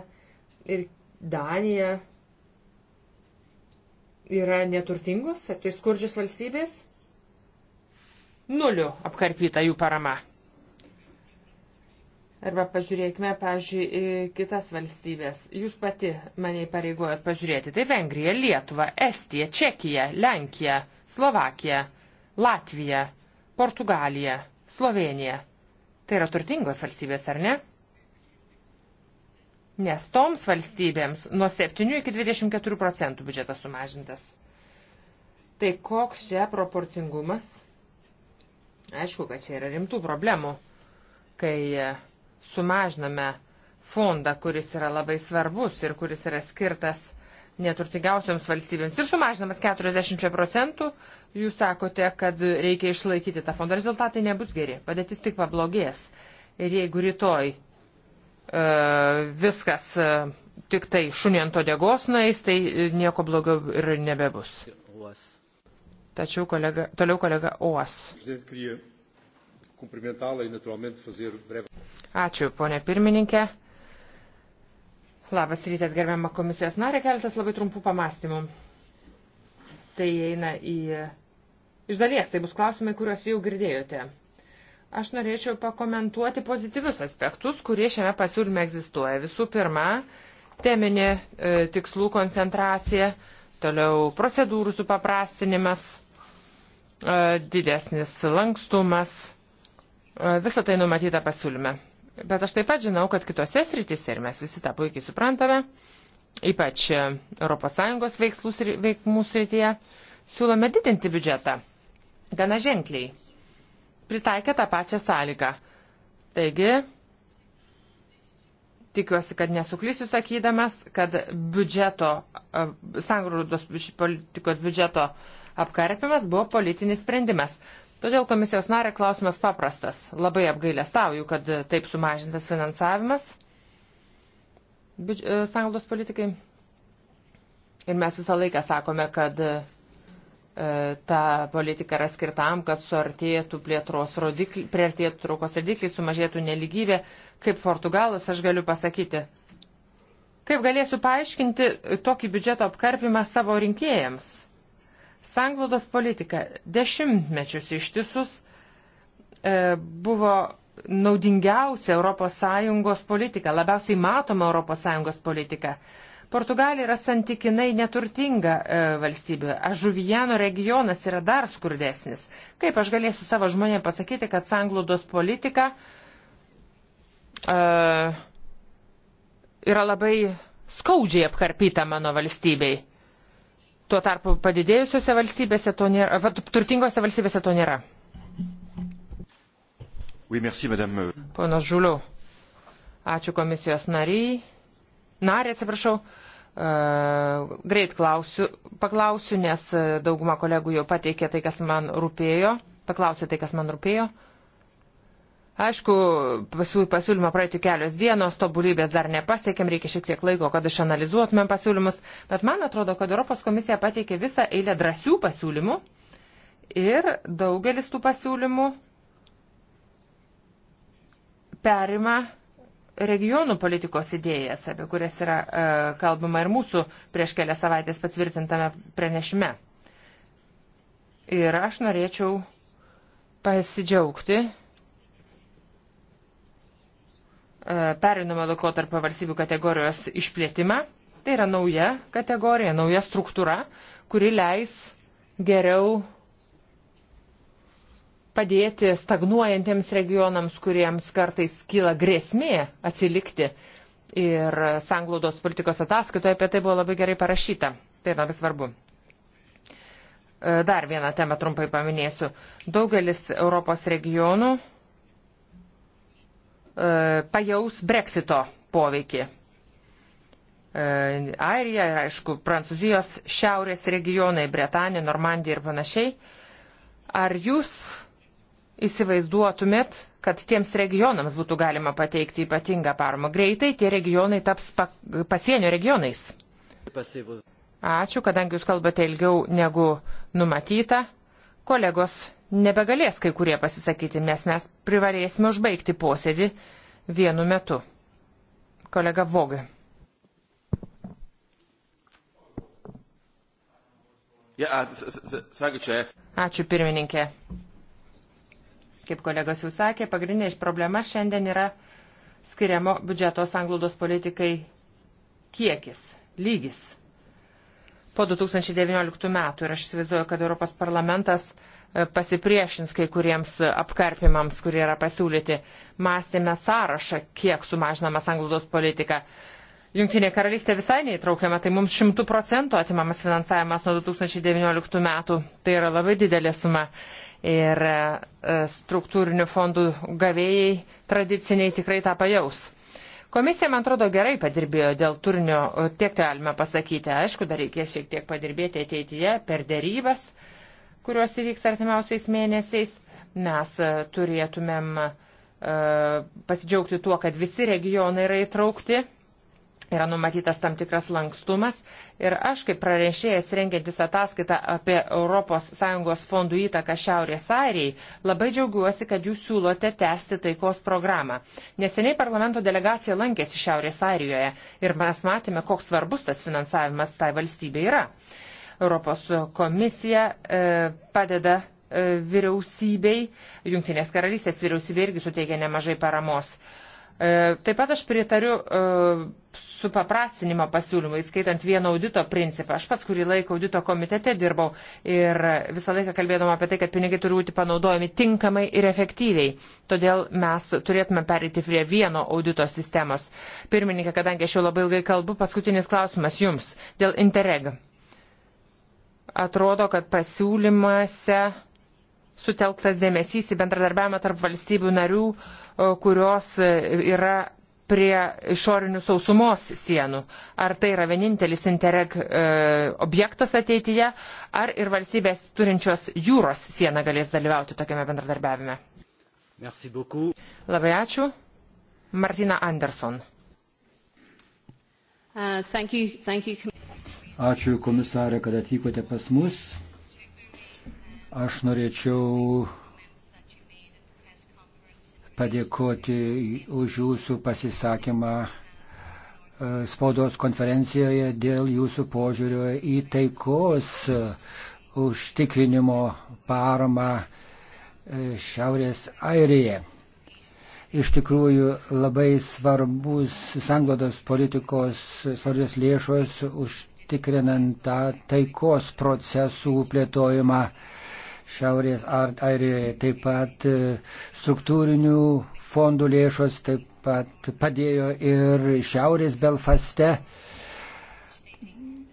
ir Danija yra neturtingos, tai skurdžios valstybės? Nuliu apkarpyta jų parama. Arba pažiūrėkime, pažiūrėjau, kitas valstybės. Jūs pati mane įpareigojot pažiūrėti. Tai Vengrija, Lietuva, Estija, Čekija, Lenkija, Slovakija, Latvija, Portugalija, Slovenija. Tai yra turtingos valstybės, ar ne? nes toms valstybėms nuo 7 iki 24 procentų biudžetas sumažintas. Tai koks čia proporcingumas? Aišku, kad čia yra rimtų problemų, kai e, sumažiname fondą, kuris yra labai svarbus ir kuris yra skirtas neturtingiausioms valstybėms ir sumažinamas 40 procentų, jūs sakote, kad reikia išlaikyti tą fondą. Rezultatai nebus geri, padėtis tik pablogės. Ir jeigu rytoj E, viskas e, tik tai šunį ant odegos nais, tai nieko blogiau ir nebebus. Tačiau kolega, toliau kolega Oas. E, Ačiū, ponė pirmininkė. Labas rytas, gerbiama komisijos narė, keletas labai trumpų pamastymų. Tai eina į... Iš dalies, tai bus klausimai, kuriuos jau girdėjote. Aš norėčiau pakomentuoti pozityvius aspektus, kurie šiame pasiūlyme egzistuoja. Visų pirma, teminė e, tikslų koncentracija, toliau procedūrų supaprastinimas, e, didesnis lankstumas, e, visą tai numatyta pasiūlyme. Bet aš taip pat žinau, kad kitose srityse, ir mes visi tą puikiai suprantame, ypač ES veiksmų srityje, siūlome didinti biudžetą gana ženkliai pritaikė tą pačią sąlygą. Taigi, tikiuosi, kad nesuklysiu sakydamas, kad biudžeto, sangrūdos politikos biudžeto apkarpimas buvo politinis sprendimas. Todėl komisijos narė klausimas paprastas. Labai apgailę stauju, kad taip sumažintas finansavimas sanglaudos politikai. Ir mes visą laiką sakome, kad E, ta politika yra skirtam, kad suartėtų plėtros rodikliai, priartėtų traukos rodikliai, sumažėtų neligybė. Kaip Portugalas aš galiu pasakyti. Kaip galėsiu paaiškinti tokį biudžeto apkarpimą savo rinkėjams? Sanglaudos politika dešimtmečius ištisus e, buvo naudingiausia ES politika, labiausiai matoma ES politika. Portugalija yra santykinai neturtinga e, valstybė, Ažuvijano regionas yra dar skurdesnis. Kaip aš galėsiu savo žmonėm pasakyti, kad sanglaudos politika e, yra labai skaudžiai apkarpyta mano valstybei. Tuo tarpu padidėjusiose valstybėse to nėra, va, turtingose valstybėse to nėra. Oui, merci, Ponas Žuliu, ačiū komisijos nariai narį, atsiprašau, e, greit klausiu, paklausiu, nes dauguma kolegų jau pateikė tai, kas man rūpėjo, paklausė tai, kas man rūpėjo. Aišku, pasiūlymą praeiti kelios dienos, tobulybės dar nepasiekėm, reikia šiek tiek laiko, kad išanalizuotumėm pasiūlymus, bet man atrodo, kad Europos komisija pateikė visą eilę drąsių pasiūlymų ir daugelis tų pasiūlymų perima regionų politikos idėjas, apie kurias yra e, kalbama ir mūsų prieš kelias savaitės patvirtintame pranešime. Ir aš norėčiau pasidžiaugti e, perinamo laikotarpio valstybių kategorijos išplėtimą. Tai yra nauja kategorija, nauja struktūra, kuri leis geriau padėti stagnuojantiems regionams, kuriems kartais kyla grėsmė atsilikti. Ir sanglaudos politikos ataskaitoje apie tai buvo labai gerai parašyta. Tai labai svarbu. E, dar vieną temą trumpai paminėsiu. Daugelis Europos regionų e, pajaus breksito poveikį. E, Airija ir, aišku, Prancūzijos šiaurės regionai, Bretanija, Normandija ir panašiai. Ar jūs įsivaizduotumėt, kad tiems regionams būtų galima pateikti ypatingą paramą. Greitai tie regionai taps pa, pasienio regionais. Ačiū, kadangi jūs kalbate ilgiau negu numatyta. Kolegos nebegalės kai kurie pasisakyti, nes mes privalėsime užbaigti posėdį vienu metu. Kolega Vogai. Ačiū pirmininkė. Kaip kolegos jau sakė, pagrindinė iš problema šiandien yra skiriamo biudžeto sanglaudos politikai kiekis, lygis. Po 2019 metų ir aš įsivaizduoju, kad Europos parlamentas e, pasipriešins kai kuriems apkarpimams, kurie yra pasiūlyti. Mąstėme sąrašą, kiek sumažinama sanglaudos politika. Junktinė karalystė visai neįtraukiama, tai mums šimtų procentų atimamas finansavimas nuo 2019 metų. Tai yra labai didelė suma ir e, struktūrinių fondų gavėjai tradiciniai tikrai tą pajaus. Komisija, man atrodo, gerai padirbėjo dėl turinio, e, tiek galime pasakyti. Aišku, dar reikės šiek tiek padirbėti ateityje per dėrybas, kurios įvyks artimiausiais mėnesiais. Mes e, turėtumėm uh, pasidžiaugti tuo, kad visi regionai yra įtraukti yra numatytas tam tikras lankstumas ir aš kaip pranešėjas rengiantis ataskaitą apie ES fondų įtaką Šiaurės Airijai labai džiaugiuosi, kad jūs siūlote tęsti taikos programą. Neseniai parlamento delegacija lankėsi Šiaurės Airijoje ir mes matėme, koks svarbus tas finansavimas tai valstybė yra. Europos komisija e, padeda e, vyriausybei, Junktinės karalystės vyriausybė irgi suteikia nemažai paramos. E, E, taip pat aš pritariu e, supaprastinimo pasiūlymui, skaitant vieno audito principą. Aš pats kurį laiką audito komitete dirbau ir visą laiką kalbėdama apie tai, kad pinigai turi būti panaudojami tinkamai ir efektyviai. Todėl mes turėtume perėti prie vieno audito sistemos. Pirmininkė, kadangi aš jau labai ilgai kalbu, paskutinis klausimas jums dėl Interreg. Atrodo, kad pasiūlymuose sutelktas dėmesys į bendradarbiavimą tarp valstybių narių uh, E, kurios e, yra prie išorinių sausumos sienų. Ar tai yra vienintelis Interreg e, objektas ateityje, ar ir valstybės turinčios jūros sieną galės dalyvauti tokiame bendradarbiavime? Labai ačiū. Martina Anderson. Uh, thank you, thank you. Ačiū komisarė, kad atvykote pas mus. Aš norėčiau padėkoti už jūsų pasisakymą e, spaudos konferencijoje dėl jūsų požiūrio į taikos užtikrinimo paramą e, Šiaurės Airijai iš tikrųjų labai svarbus sanglados politikos svarbios lėšos užtikrinant tą taikos procesų plėtojimą Šiaurės Airijoje taip pat e, struktūrinių fondų lėšos taip pat padėjo ir Šiaurės Belfaste.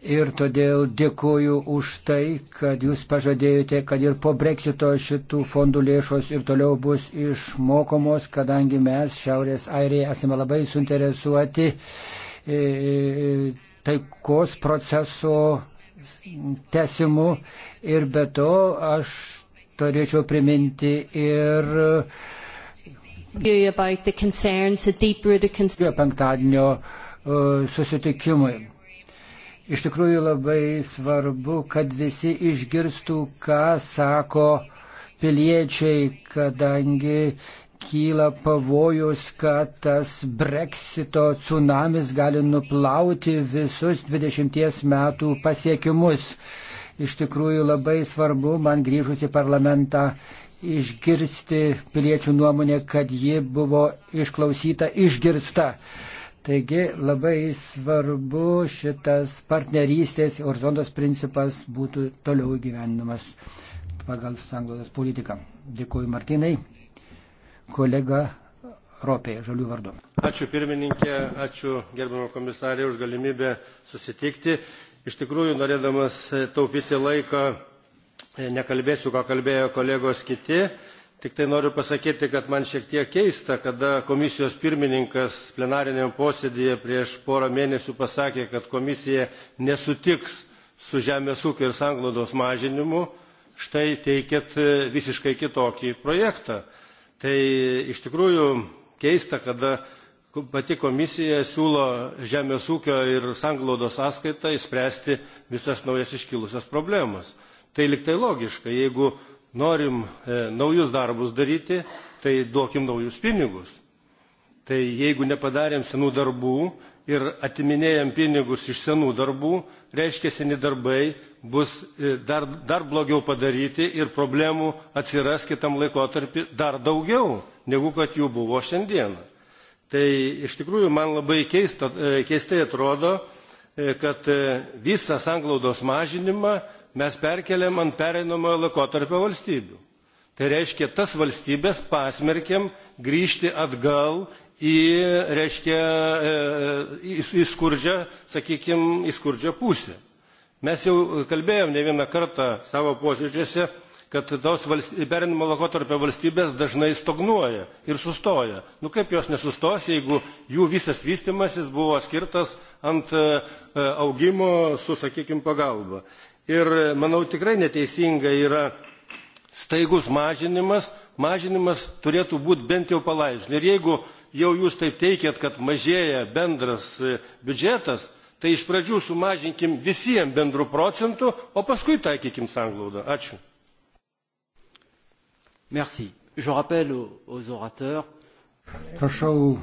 Ir todėl dėkuoju už tai, kad jūs pažadėjote, kad ir po breksito šitų fondų lėšos ir toliau bus išmokomos, kadangi mes Šiaurės Airija esame labai suinteresuoti e, e, taikos proceso tesimu ir be to aš turėčiau priminti ir penktadienio e, susitikimui. Iš tikrųjų labai svarbu, kad visi išgirstų, ką sako piliečiai, kadangi kyla pavojus, kad tas breksito tsunamis gali nuplauti visus 20 metų pasiekimus. Iš tikrųjų labai svarbu man grįžus į parlamentą išgirsti piliečių nuomonę, kad ji buvo išklausyta, išgirsta. Taigi labai svarbu šitas partnerystės horizontos principas būtų toliau gyvenimas pagal sanglodos politiką. Dėkuoju Martinai kolega Ropėje, žalių vardu. Ačiū pirmininkė, ačiū gerbimo komisarė už galimybę susitikti. Iš tikrųjų, norėdamas taupyti laiką, e, nekalbėsiu, ką kalbėjo kolegos kiti. Tik tai noriu pasakyti, kad man šiek tiek keista, kada komisijos pirmininkas plenarinėme posėdėje prieš porą mėnesių pasakė, kad komisija nesutiks su žemės ūkio ir sanglaudos mažinimu, štai teikėt e, visiškai kitokį projektą. Tai iš tikrųjų keista, kada pati komisija siūlo žemės ūkio ir sanglaudos sąskaitą įspręsti visas naujas iškilusias problemas. Tai liktai logiška, jeigu norim e, naujus darbus daryti, tai duokim naujus pinigus. Tai jeigu nepadarėm senų darbų, ir atiminėjam pinigus iš senų darbų, reiškia seni darbai bus e, dar, dar blogiau padaryti ir problemų atsiras kitam laikotarpį dar daugiau, negu kad jų buvo šiandieną. Tai iš tikrųjų man labai keista, e, keistai atrodo, e, kad visą sanglaudos mažinimą mes perkeliam ant pereinamojo laikotarpio valstybių. Tai reiškia, tas valstybės pasmerkiam grįžti atgal į, reiškia, e, e, į, į skurdžią, sakykime, į skurdžią pusę. Mes jau kalbėjom ne vieną kartą savo posėdžiuose, kad tos perinimo laikotarpio valstybės dažnai stagnuoja ir sustoja. Nu kaip jos nesustos, jeigu jų visas vystimasis buvo skirtas ant e, augimo su, sakykime, pagalba. Ir manau tikrai neteisinga yra staigus mažinimas, mažinimas turėtų būti bent jau palaipsniui. Ir jeigu jau jūs taip teikėt, kad mažėja bendras e, biudžetas, tai iš pradžių sumažinkim visiems bendrų procentų, o paskui taikykim sanglaudą. Ačiū. Merci. Je rappelle aux orateurs. Prašau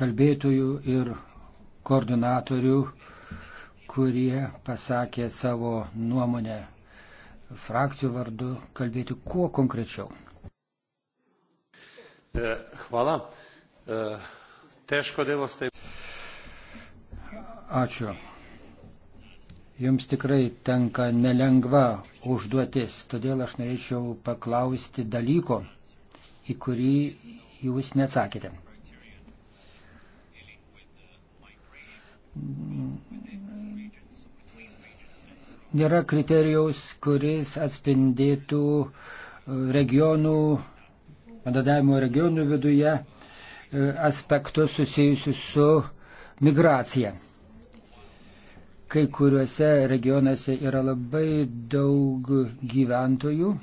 kalbėtojų ir koordinatorių, kurie pasakė savo nuomonę frakcijų vardu, kalbėti kuo konkrečiau. E, hvala. E, teško Dievas taip. Ačiū. Jums tikrai tenka nelengva užduotis, todėl aš norėčiau paklausti dalyko, į kurį jūs neatsakėte. Nėra kriterijaus, kuris atspindėtų regionų bendradavimo regionų viduje e, aspektus susijusius su migracija. Kai kuriuose regionuose yra labai daug gyventojų, e,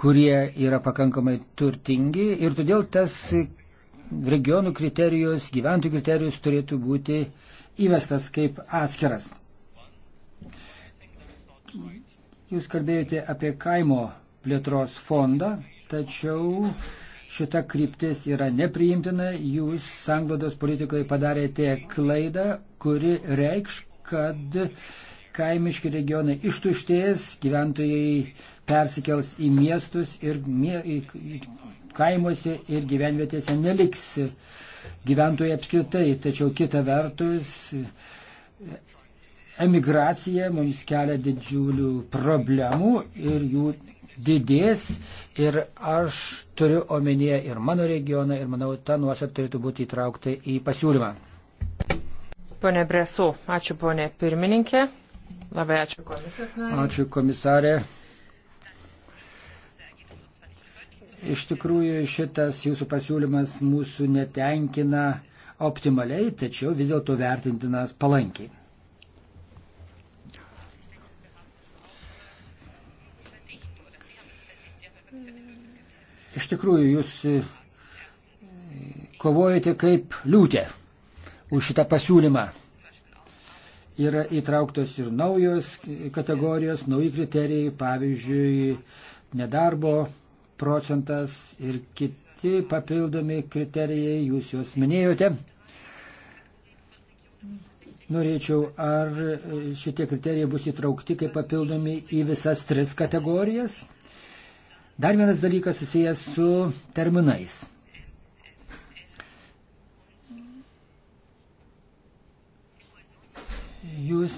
kurie yra pakankamai turtingi ir todėl tas regionų kriterijus, gyventojų kriterijus turėtų būti įvestas kaip atskiras. Jūs kalbėjote apie kaimo plėtros fondą, tačiau šita kryptis yra nepriimtina, jūs sanglodos politikai padarėte klaidą, kuri reikš, kad kaimiški regionai ištuštės, gyventojai persikels į miestus ir mie, kaimuose ir gyvenvietėse neliks gyventojai apskritai. Tačiau kita vertus, emigracija mums kelia didžiulių problemų ir jų didės ir aš turiu omenyje ir mano regioną ir manau, ta nuostata turėtų būti įtraukta į pasiūlymą. Pone Bresu, ačiū ponė pirmininkė. Labai ačiū komisijos narė. Ačiū komisarė. Iš tikrųjų šitas jūsų pasiūlymas mūsų netenkina optimaliai, tačiau vis dėlto vertintinas palankiai. Iš tikrųjų, jūs e, kovojate kaip liūtė už šitą pasiūlymą. Yra įtrauktos ir naujos kategorijos, nauji kriterijai, pavyzdžiui, nedarbo procentas ir kiti papildomi kriterijai, jūs juos minėjote. Norėčiau, ar šitie kriterijai bus įtraukti kaip papildomi į visas tris kategorijas, Dar vienas dalykas susijęs su terminais. Jūs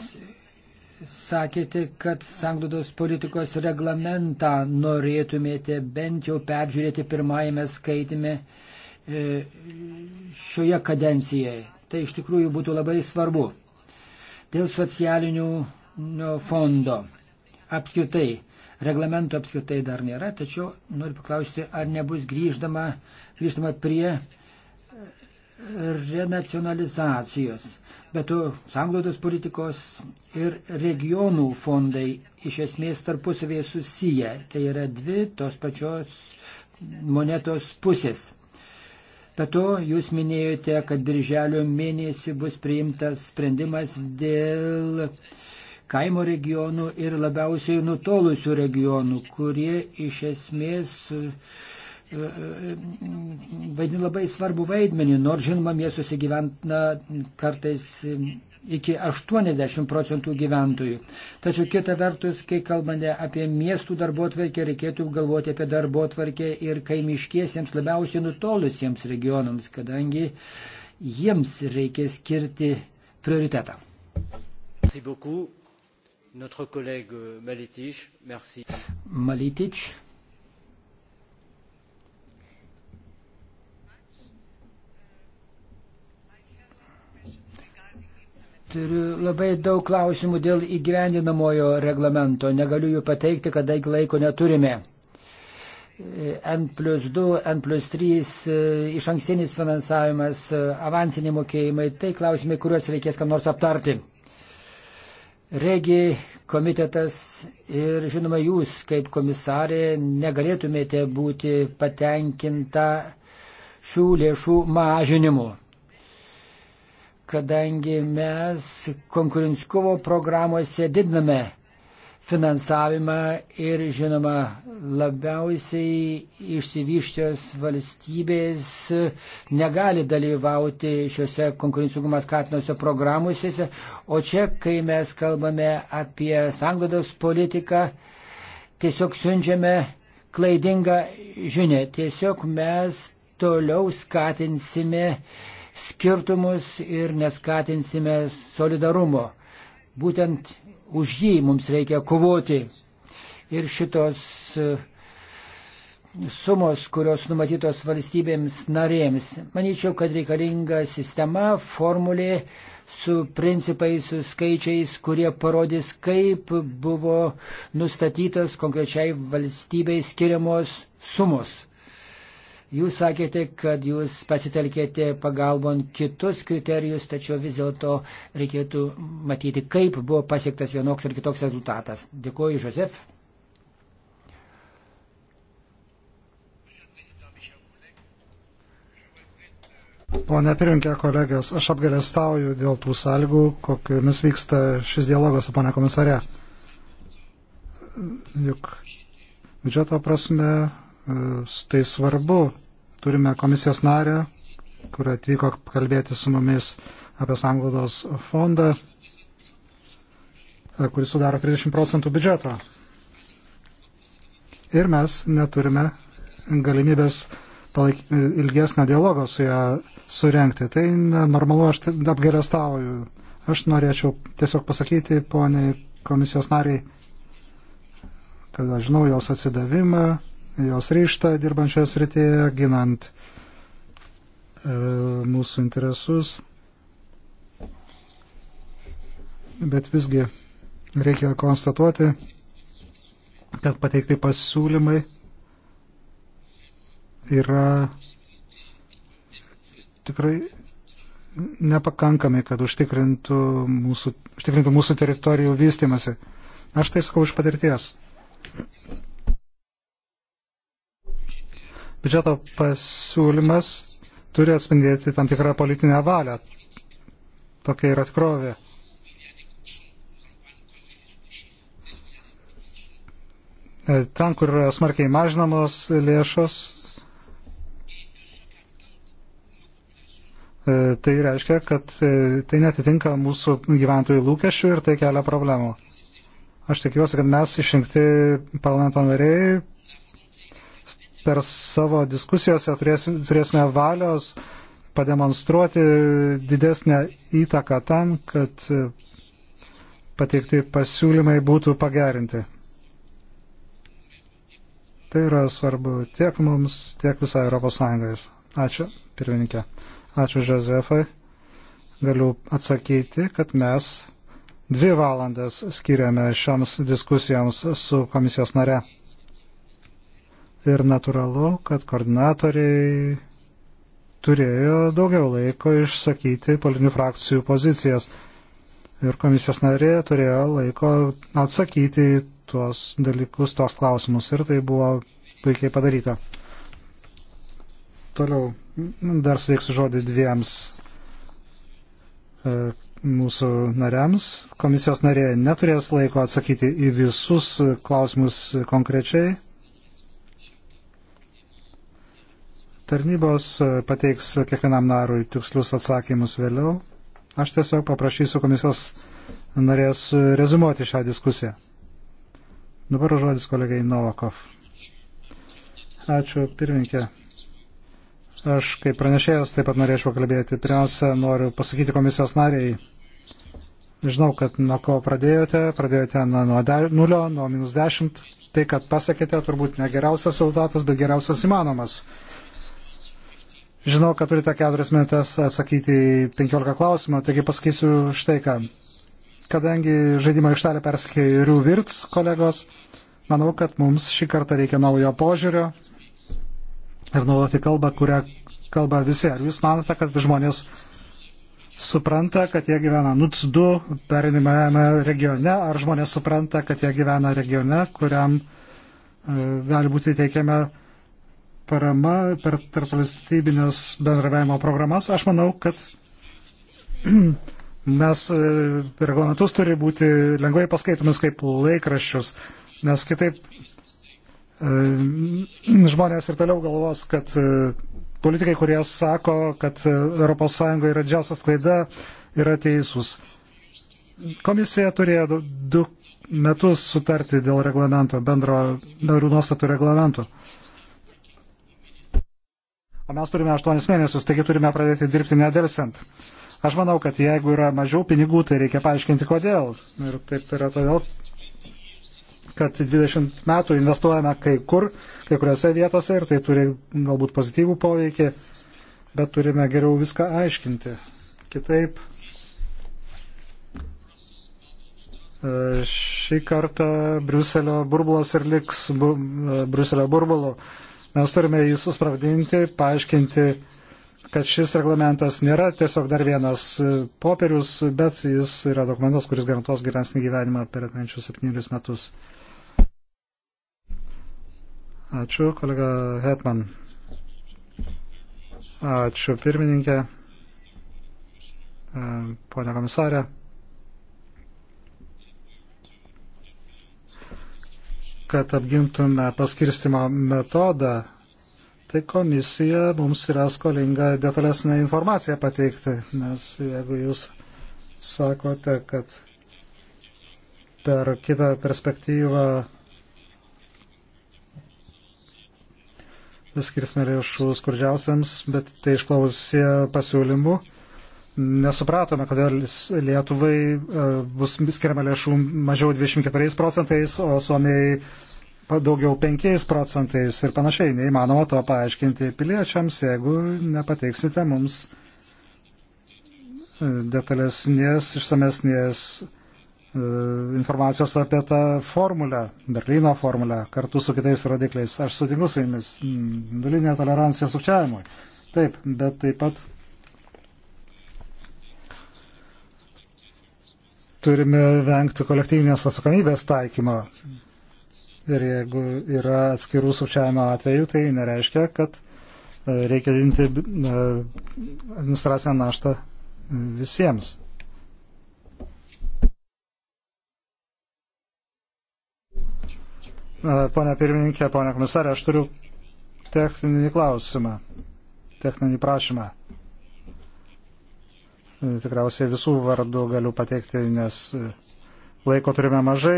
sakėte, kad sanglaudos politikos reglamentą norėtumėte bent jau peržiūrėti pirmajame skaitime e, šioje kadencijoje. Tai iš tikrųjų būtų labai svarbu. Dėl socialinių fondo apskritai Reglamento apskritai dar nėra, tačiau noriu paklausti, ar nebus grįždama, grįždama prie e, renacionalizacijos. Bet to sanglaudos politikos ir regionų fondai iš esmės tarpusavėje susiję. Tai yra dvi tos pačios monetos pusės. Be to, jūs minėjote, kad birželio mėnesį bus priimtas sprendimas dėl uh, kaimo regionų ir labiausiai nutolusių regionų, kurie iš esmės e, e, vaidina labai svarbu vaidmenį, nors žinoma, miestuose gyvena kartais iki 80 procentų gyventojų. Tačiau kita vertus, kai kalbame apie miestų darbo tvarkę, reikėtų galvoti apie darbo tvarkę ir kaimiškiesiems labiausiai nutolusiems regionams, kadangi jiems reikia skirti prioritetą. Merci beaucoup notre collègue euh, Maletic. Merci. Maletic. Turiu labai daug klausimų dėl įgyvendinamojo reglamento. Negaliu jų pateikti, kadangi laiko neturime. N plus 2, N plus 3, e, iš ankstinis finansavimas, e, avansiniai mokėjimai, tai klausimai, kuriuos reikės kam nors aptarti. Regi komitetas ir žinoma jūs kaip komisarė negalėtumėte būti patenkinta šių lėšų mažinimu kadangi mes konkurencingumo programuose didiname finansavimą ir žinoma labiausiai išsivyščios valstybės negali dalyvauti šiuose konkurencingumo skatinuose programuose, o čia, kai mes kalbame apie sanglados politiką, tiesiog siunčiame klaidingą žinę. Tiesiog mes toliau skatinsime skirtumus ir neskatinsime solidarumo. Būtent už jį mums reikia kovoti. Ir šitos e, sumos, kurios numatytos valstybėms narėms. Manyčiau, kad reikalinga sistema, formulė su principais, su skaičiais, kurie parodys, kaip buvo nustatytos konkrečiai valstybei skiriamos sumos. Jūs sakėte, kad jūs pasitelkėte pagalbon kitus kriterijus, tačiau vis dėlto reikėtų matyti, kaip buvo pasiektas vienoks ar kitoks rezultatas. Dėkuoju, Žozef. Pone pirmininkė, kolegos, aš apgalėstauju dėl tų sąlygų, kokiamis vyksta šis dialogas su pane komisare. Juk biudžeto prasme e, tai svarbu turime komisijos narę, kur atvyko kalbėti su mumis apie sanglaudos fondą, e, kuris sudaro 30 procentų biudžeto. Ir mes neturime galimybės palaik... ilgesnio dialogo su ją surenkti. Tai normalu, aš apgailestauju. Aš norėčiau tiesiog pasakyti poniai komisijos nariai, kad aš žinau jos atsidavimą, jos ryštą dirbančios rytėje, ginant e, mūsų interesus. Bet visgi reikia konstatuoti, kad pateikti pasiūlymai yra tikrai nepakankami, kad užtikrintų mūsų, užtikrintų mūsų teritorijų vystimasi. Aš tai skau iš patirties biudžeto pasiūlymas turi atspindėti tam tikrą politinę valią. Tokia yra tikrovė. E, ten, kur yra smarkiai mažinamos lėšos, e, tai reiškia, kad e, tai netitinka mūsų gyventojų lūkesčių ir tai kelia problemų. Aš tikiuosi, kad mes išrinkti parlamento nariai per savo diskusijose turėsime valios pademonstruoti didesnę įtaką tam, kad pateikti pasiūlymai būtų pagerinti. Tai yra svarbu tiek mums, tiek visai Europos Sąjungai. Ačiū, pirmininkė. Ačiū, Žozefai. Galiu atsakyti, kad mes dvi valandas skiriame šioms diskusijoms su komisijos nare. Ir natūralu, kad koordinatoriai turėjo daugiau laiko išsakyti politinių frakcijų pozicijas. Ir komisijos narė turėjo laiko atsakyti tuos dalykus, tuos klausimus. Ir tai buvo puikiai padaryta. Toliau dar sveiksiu žodį dviems e, mūsų nariams. Komisijos narė neturės laiko atsakyti į visus klausimus konkrečiai, Tarnybos e, pateiks kiekvienam narui tikslius atsakymus vėliau. Aš tiesiog paprašysiu komisijos narės e, rezumuoti šią diskusiją. Dabar žodis kolegai Novakov. Ačiū, pirminkė. Aš kaip pranešėjas taip pat norėčiau kalbėti. Pirmiausia, noriu pasakyti komisijos nariai. Žinau, kad nuo ko pradėjote. Pradėjote nuo, nuo de, nulio, nuo minus dešimt. Tai, kad pasakėte, turbūt ne geriausias rezultatas, bet geriausias įmanomas. Žinau, kad turite keturias minutės atsakyti į penkiolika klausimų, taigi pasakysiu štai ką. Kadangi žaidimo aikštelė persikė į Riuvirts kolegos, manau, kad mums šį kartą reikia naujo požiūrio ir naudoti kalbą, kurią kalba visi. Ar jūs manote, kad žmonės supranta, kad jie gyvena NUTS 2 perinimajame regione, ar žmonės supranta, kad jie gyvena regione, kuriam e, gali būti teikiama parama per tarpvalstybinės bendravimo programas, aš manau, kad mes e, reglamentus turi būti lengvai paskaitomis kaip laikraščius, nes kitaip e, žmonės ir toliau galvos, kad e, politikai, kurie sako, kad ES yra didžiausias klaida, yra teisūs. Komisija turėjo du metus sutarti dėl reglamento, bendro, bendrų nuostatų reglamento o mes turime 8 mėnesius, taigi turime pradėti dirbti nedelsant. Aš manau, kad jeigu yra mažiau pinigų, tai reikia paaiškinti kodėl. Ir taip yra todėl, kad 20 metų investuojame kai kur, kai kuriuose vietose ir tai turi galbūt pozityvų poveikį, bet turime geriau viską aiškinti. Kitaip e, šį kartą Briuselio burbulas ir liks bu, e, Briuselio burbulu. Mes turime jį suspravdinti, paaiškinti, kad šis reglamentas nėra tiesiog dar vienas popierius, bet jis yra dokumentas, kuris garantuos geresnį gyvenimą per atmenčius septynerius metus. Ačiū, kolega Hetman. Ačiū, pirmininkė. Pone komisarė. kad apgintume paskirstimo metodą, tai komisija mums yra skolinga detalesnę informaciją pateikti, nes jeigu jūs sakote, kad per kitą perspektyvą skirsime lėšų skurdžiausiams, bet tai išklausė pasiūlymų nesupratome, kodėl Lietuvai e, bus skiriama lėšų mažiau 24 procentais, o Suomijai daugiau 5 procentais ir panašiai. Neįmanoma to paaiškinti piliečiams, jeigu nepateiksite mums e, detalesnės, išsamesnės e, informacijos apie tą formulę, Berlyno formulę, kartu su kitais rodikliais. Aš sutinku su jumis, nulinė tolerancija sukčiavimui. Taip, bet taip pat turime vengti kolektyvinės atsakomybės taikymo. Ir jeigu yra atskirų sukčiavimo atvejų, tai nereiškia, kad e, reikia didinti e, administracinę naštą e, visiems. Pone pirmininkė, pone komisarė, aš turiu techninį klausimą, techninį prašymą tikriausiai visų vardų galiu pateikti, nes laiko turime mažai,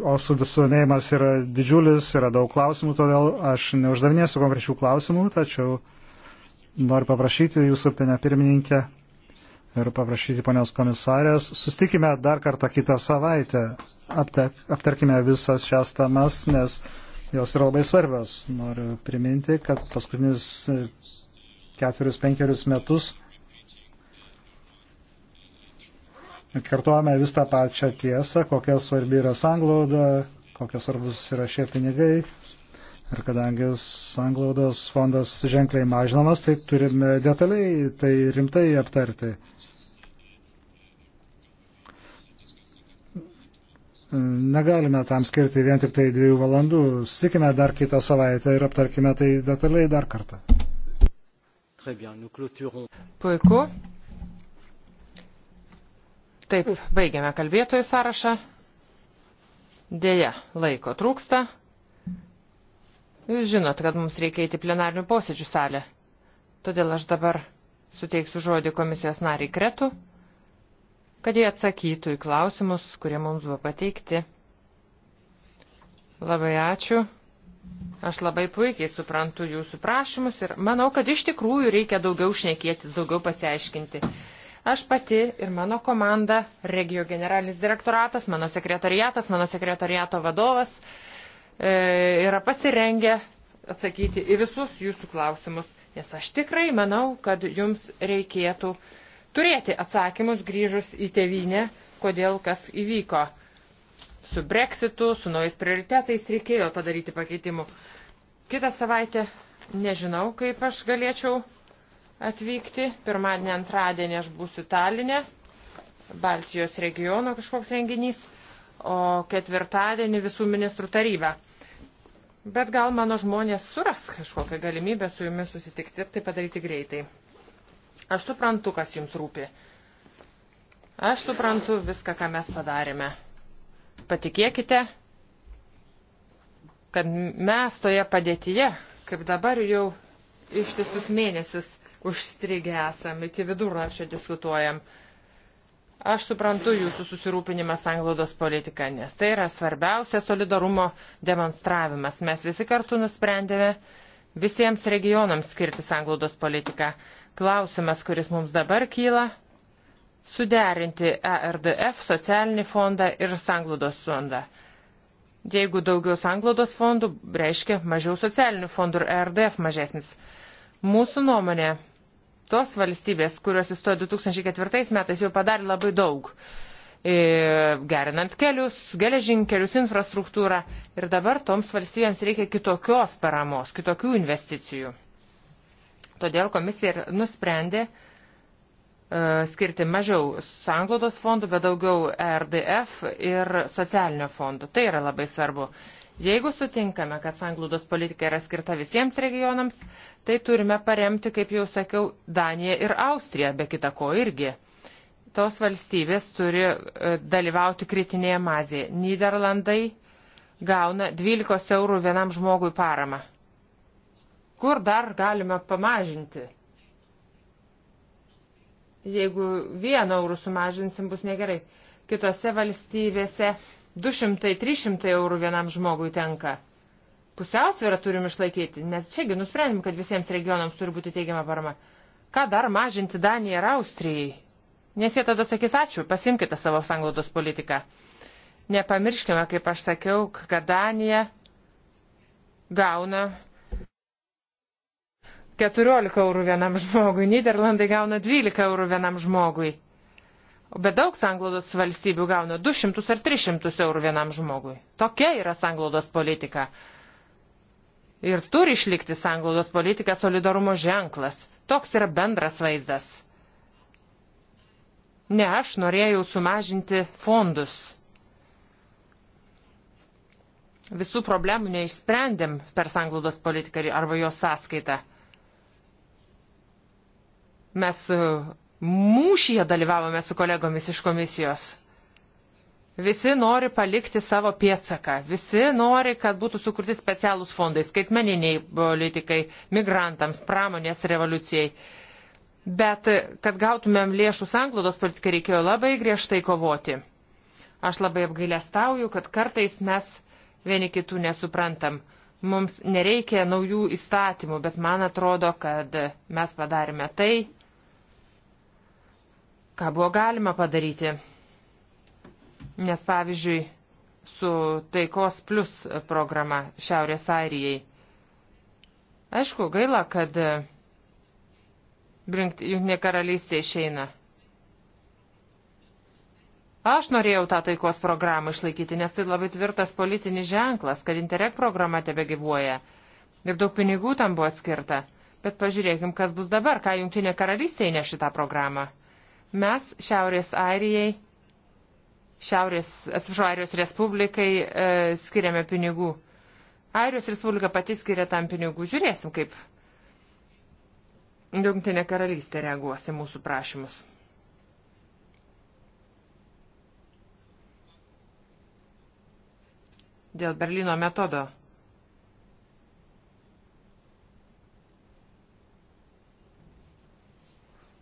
o sudomėjimas yra didžiulis, yra daug klausimų, todėl aš neuždavinėsiu konkrečių klausimų, tačiau noriu paprašyti jūsų, penė pirmininkė, ir paprašyti ponios komisarės, sustikime dar kartą kitą savaitę, aptarkime visas šias temas, nes jos yra labai svarbios. Noriu priminti, kad paskutinius ketverius, penkerius metus Atkartuojame vis tą pačią tiesą, kokia svarbi yra sanglauda, kokie svarbus yra šie pinigai. Ir kadangi sanglaudos fondas ženkliai mažinamas, tai turime detaliai tai rimtai aptarti. Negalime tam skirti vien tik tai dviejų valandų. Stikime dar kitą savaitę ir aptarkime tai detaliai dar kartą. Puiku. Taip, baigiame kalbėtojų sąrašą. Deja, laiko trūksta. Jūs žinot, kad mums reikia įti plenarnių posėdžių salę. Todėl aš dabar suteiksiu žodį komisijos nariai Kretų, kad jie atsakytų į klausimus, kurie mums buvo pateikti. Labai ačiū. Aš labai puikiai suprantu jūsų prašymus ir manau, kad iš tikrųjų reikia daugiau šnekėtis, daugiau pasiaiškinti. Aš pati ir mano komanda, regio generalinis direktoratas, mano sekretariatas, mano sekretariato vadovas e, yra pasirengę atsakyti į visus jūsų klausimus, nes aš tikrai manau, kad jums reikėtų turėti atsakymus grįžus į tevinę, kodėl kas įvyko. Su breksitu, su naujais prioritetais reikėjo padaryti pakeitimų. Kitą savaitę nežinau, kaip aš galėčiau atvykti. Pirmadienį, antradienį aš būsiu Talinė, Baltijos regiono kažkoks renginys, o ketvirtadienį visų ministrų taryba. Bet gal mano žmonės suras kažkokią galimybę su jumis susitikti ir tai padaryti greitai. Aš suprantu, kas jums rūpi. Aš suprantu viską, ką mes padarėme. Patikėkite, kad mes toje padėtyje, kaip dabar jau ištisus mėnesius užstrigę esam, iki vidurnakčio diskutuojam. Aš suprantu jūsų susirūpinimą sanglaudos politiką, nes tai yra svarbiausia solidarumo demonstravimas. Mes visi kartu nusprendėme visiems regionams skirti sanglaudos politiką. Klausimas, kuris mums dabar kyla - suderinti ERDF, socialinį fondą ir sanglaudos fondą. Jeigu daugiau sanglaudos fondų, reiškia mažiau socialinių fondų ir ERDF mažesnis. Mūsų nuomonė tos valstybės, kurios įstojo 2004 metais, jau padarė labai daug. E, gerinant kelius, geležinkelius, infrastruktūrą. Ir dabar toms valstybėms reikia kitokios paramos, kitokių investicijų. Todėl komisija ir nusprendė uh, skirti mažiau sanglaudos fondų, bet daugiau RDF ir socialinio fondų. Tai yra labai svarbu. Uh, Jeigu sutinkame, kad sanglūdos politika yra skirta visiems regionams, tai turime paremti, kaip jau sakiau, Daniją ir Austriją, be kita ko irgi. Tos valstybės turi e, dalyvauti kritinėje mazėje. Niderlandai gauna 12 eurų vienam žmogui paramą. Kur dar galime pamažinti? Jeigu vieną eurų sumažinsim, bus negerai. Kitose valstybėse 200-300 eurų vienam žmogui tenka. Pusiausvyrą turim išlaikyti, nes čiagi nusprendėm, kad visiems regionams turi būti teigiama parama. Ką dar mažinti Danijai ir Austrijai? Nes jie tada sakys ačiū, pasimkite savo sanglaudos politiką. Nepamirškime, kaip aš sakiau, kad Danija gauna 14 eurų vienam žmogui, Niderlandai gauna 12 eurų vienam žmogui. Bet daug sanglaudos valstybių gauna 200 ar 300 eurų vienam žmogui. Tokia yra sanglaudos politika. Ir turi išlikti sanglaudos politika solidarumo ženklas. Toks yra bendras vaizdas. Ne aš norėjau sumažinti fondus. Visų problemų neišsprendėm per sanglaudos politiką arba jos sąskaitą. Mes mūšyje dalyvavome su kolegomis iš komisijos. Visi nori palikti savo pėtsaką, visi nori, kad būtų sukurti specialūs fondai, skaitmeniniai politikai, migrantams, pramonės revoliucijai. Bet kad gautumėm lėšų sanglaudos politikai, reikėjo labai griežtai kovoti. Aš labai apgailestauju, kad kartais mes vieni kitų nesuprantam. Mums nereikia naujų įstatymų, bet man atrodo, kad mes padarėme tai, ką buvo galima padaryti. Nes pavyzdžiui, su Taikos Plus programa Šiaurės Airijai. Aišku, gaila, kad e, Junktinė karalystė išeina. Aš norėjau tą taikos programą išlaikyti, nes tai labai tvirtas politinis ženklas, kad Interreg programa tebe gyvuoja. Ir daug pinigų tam buvo skirta. Bet pažiūrėkim, kas bus dabar, ką Junktinė karalystė įneš šitą programą. Mes Šiaurės Airijai, Šiaurės, atsiprašau, Airijos Respublikai e, skiriame pinigų. Airijos Respublika pati skiria tam pinigų. Žiūrėsim, kaip Junktinė karalystė reaguos į mūsų prašymus. Dėl Berlyno metodo.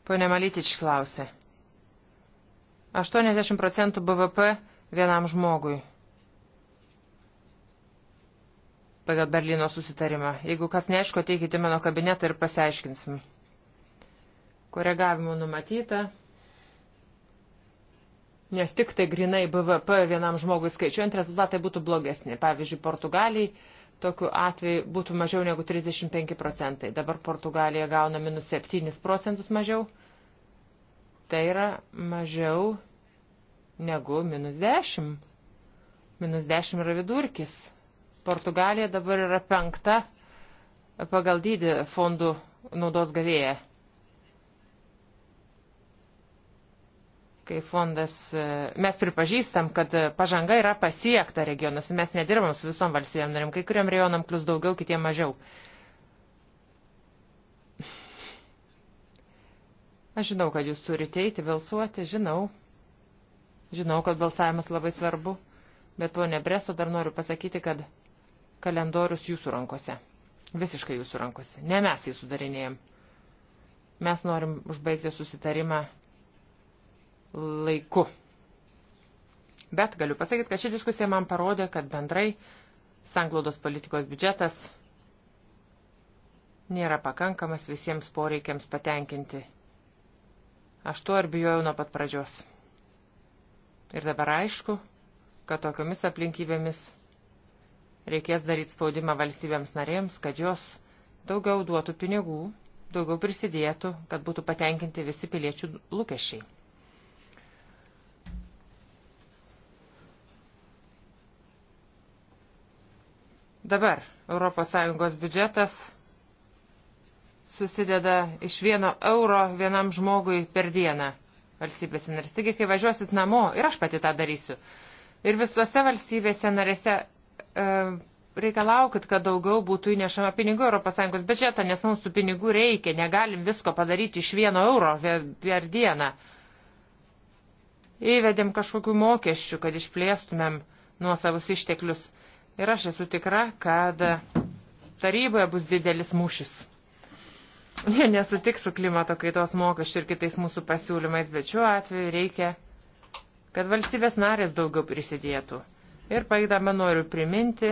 Pone Malytič klausė. 80 procentų BVP vienam žmogui. Pagal Berlyno susitarimą. Jeigu kas neaišku, ateikite mano kabinetą ir pasiaiškinsim. Koregavimų numatyta. Nes tik tai grinai BVP vienam žmogui skaičiuojant rezultatai būtų blogesni. Pavyzdžiui, Portugalijai tokiu atveju būtų mažiau negu 35 procentai. Dabar Portugalija gauna minus 7 procentus mažiau. Tai yra mažiau negu minus 10. Minus 10 yra vidurkis. Portugalija dabar yra penkta pagal dydį fondų naudos gavėja. Kai fondas, e, mes pripažįstam, kad pažanga yra pasiekta regionuose, mes nedirbam su visom valstybėm narim, kai kuriam regionam plus daugiau, kitiem mažiau. Aš žinau, kad jūs turite eiti balsuoti, žinau. Žinau, kad balsavimas labai svarbu, bet ponė Breso dar noriu pasakyti, kad kalendorius jūsų rankose. Visiškai jūsų rankose. Ne mes jį sudarinėjom. Mes norim užbaigti susitarimą laiku. Bet galiu pasakyti, kad ši diskusija man parodė, kad bendrai sanglaudos politikos biudžetas nėra pakankamas visiems poreikiams patenkinti. Aš to ir bijojau nuo pat pradžios. Ir dabar aišku, kad tokiomis aplinkybėmis reikės daryti spaudimą valstybėms narėms, kad jos daugiau duotų pinigų, daugiau prisidėtų, kad būtų patenkinti visi piliečių lūkesčiai. Dabar ES biudžetas susideda iš vieno euro vienam žmogui per dieną valstybėse narėse. Taigi, kai važiuosit namo, ir aš pati tą darysiu. Ir visuose valstybėse narėse e, reikalaukit, kad daugiau būtų įnešama pinigų ES biudžetą, nes mums tų pinigų reikia, negalim visko padaryti iš vieno euro per dieną. Įvedėm kažkokių mokesčių, kad išplėstumėm nuo savus išteklius. Ir aš esu tikra, kad taryboje bus didelis mūšis. Jie nesutiks su klimato kaitos mokesčiu ir kitais mūsų pasiūlymais, bet šiuo atveju reikia, kad valstybės narės daugiau prisidėtų. Ir paėdama noriu priminti,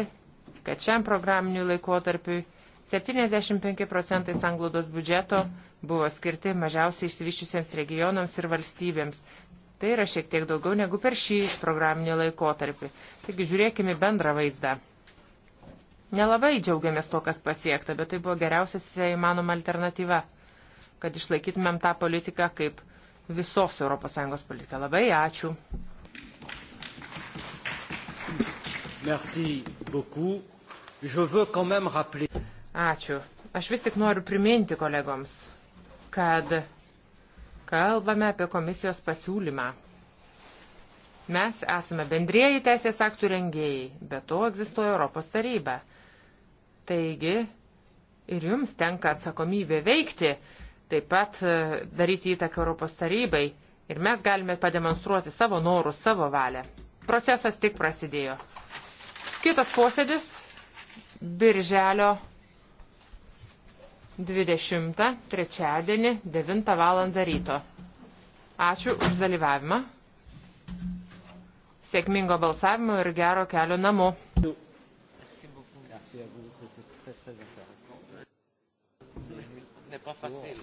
kad šiam programiniu laikotarpiu 75 procentai sanglaudos biudžeto buvo skirti mažiausiai išsivyščiusiems regionams ir valstybėms. Tai yra šiek tiek daugiau negu per šį programinį laikotarpį. Taigi žiūrėkime bendrą vaizdą. Nelabai džiaugiamės to, kas pasiekta, bet tai buvo geriausias įmanoma alternatyva, kad išlaikytumėm tą politiką kaip visos ES politiką. Labai ačiū. Merci beaucoup. Je veux quand même rappeler. Ačiū. Aš vis tik noriu priminti kolegoms, kad kalbame apie komisijos pasiūlymą. Mes esame bendrieji teisės aktų rengėjai, bet to egzistuoja Europos taryba. Taigi ir jums tenka atsakomybė veikti, taip pat e, daryti įtaką Europos tarybai ir mes galime pademonstruoti savo norus, savo valią. Procesas tik prasidėjo. Kitas posėdis birželio 20, trečiadienį, 9 val. ryto. Ačiū už dalyvavimą. Sėkmingo balsavimo ir gero kelio namo. pas facile.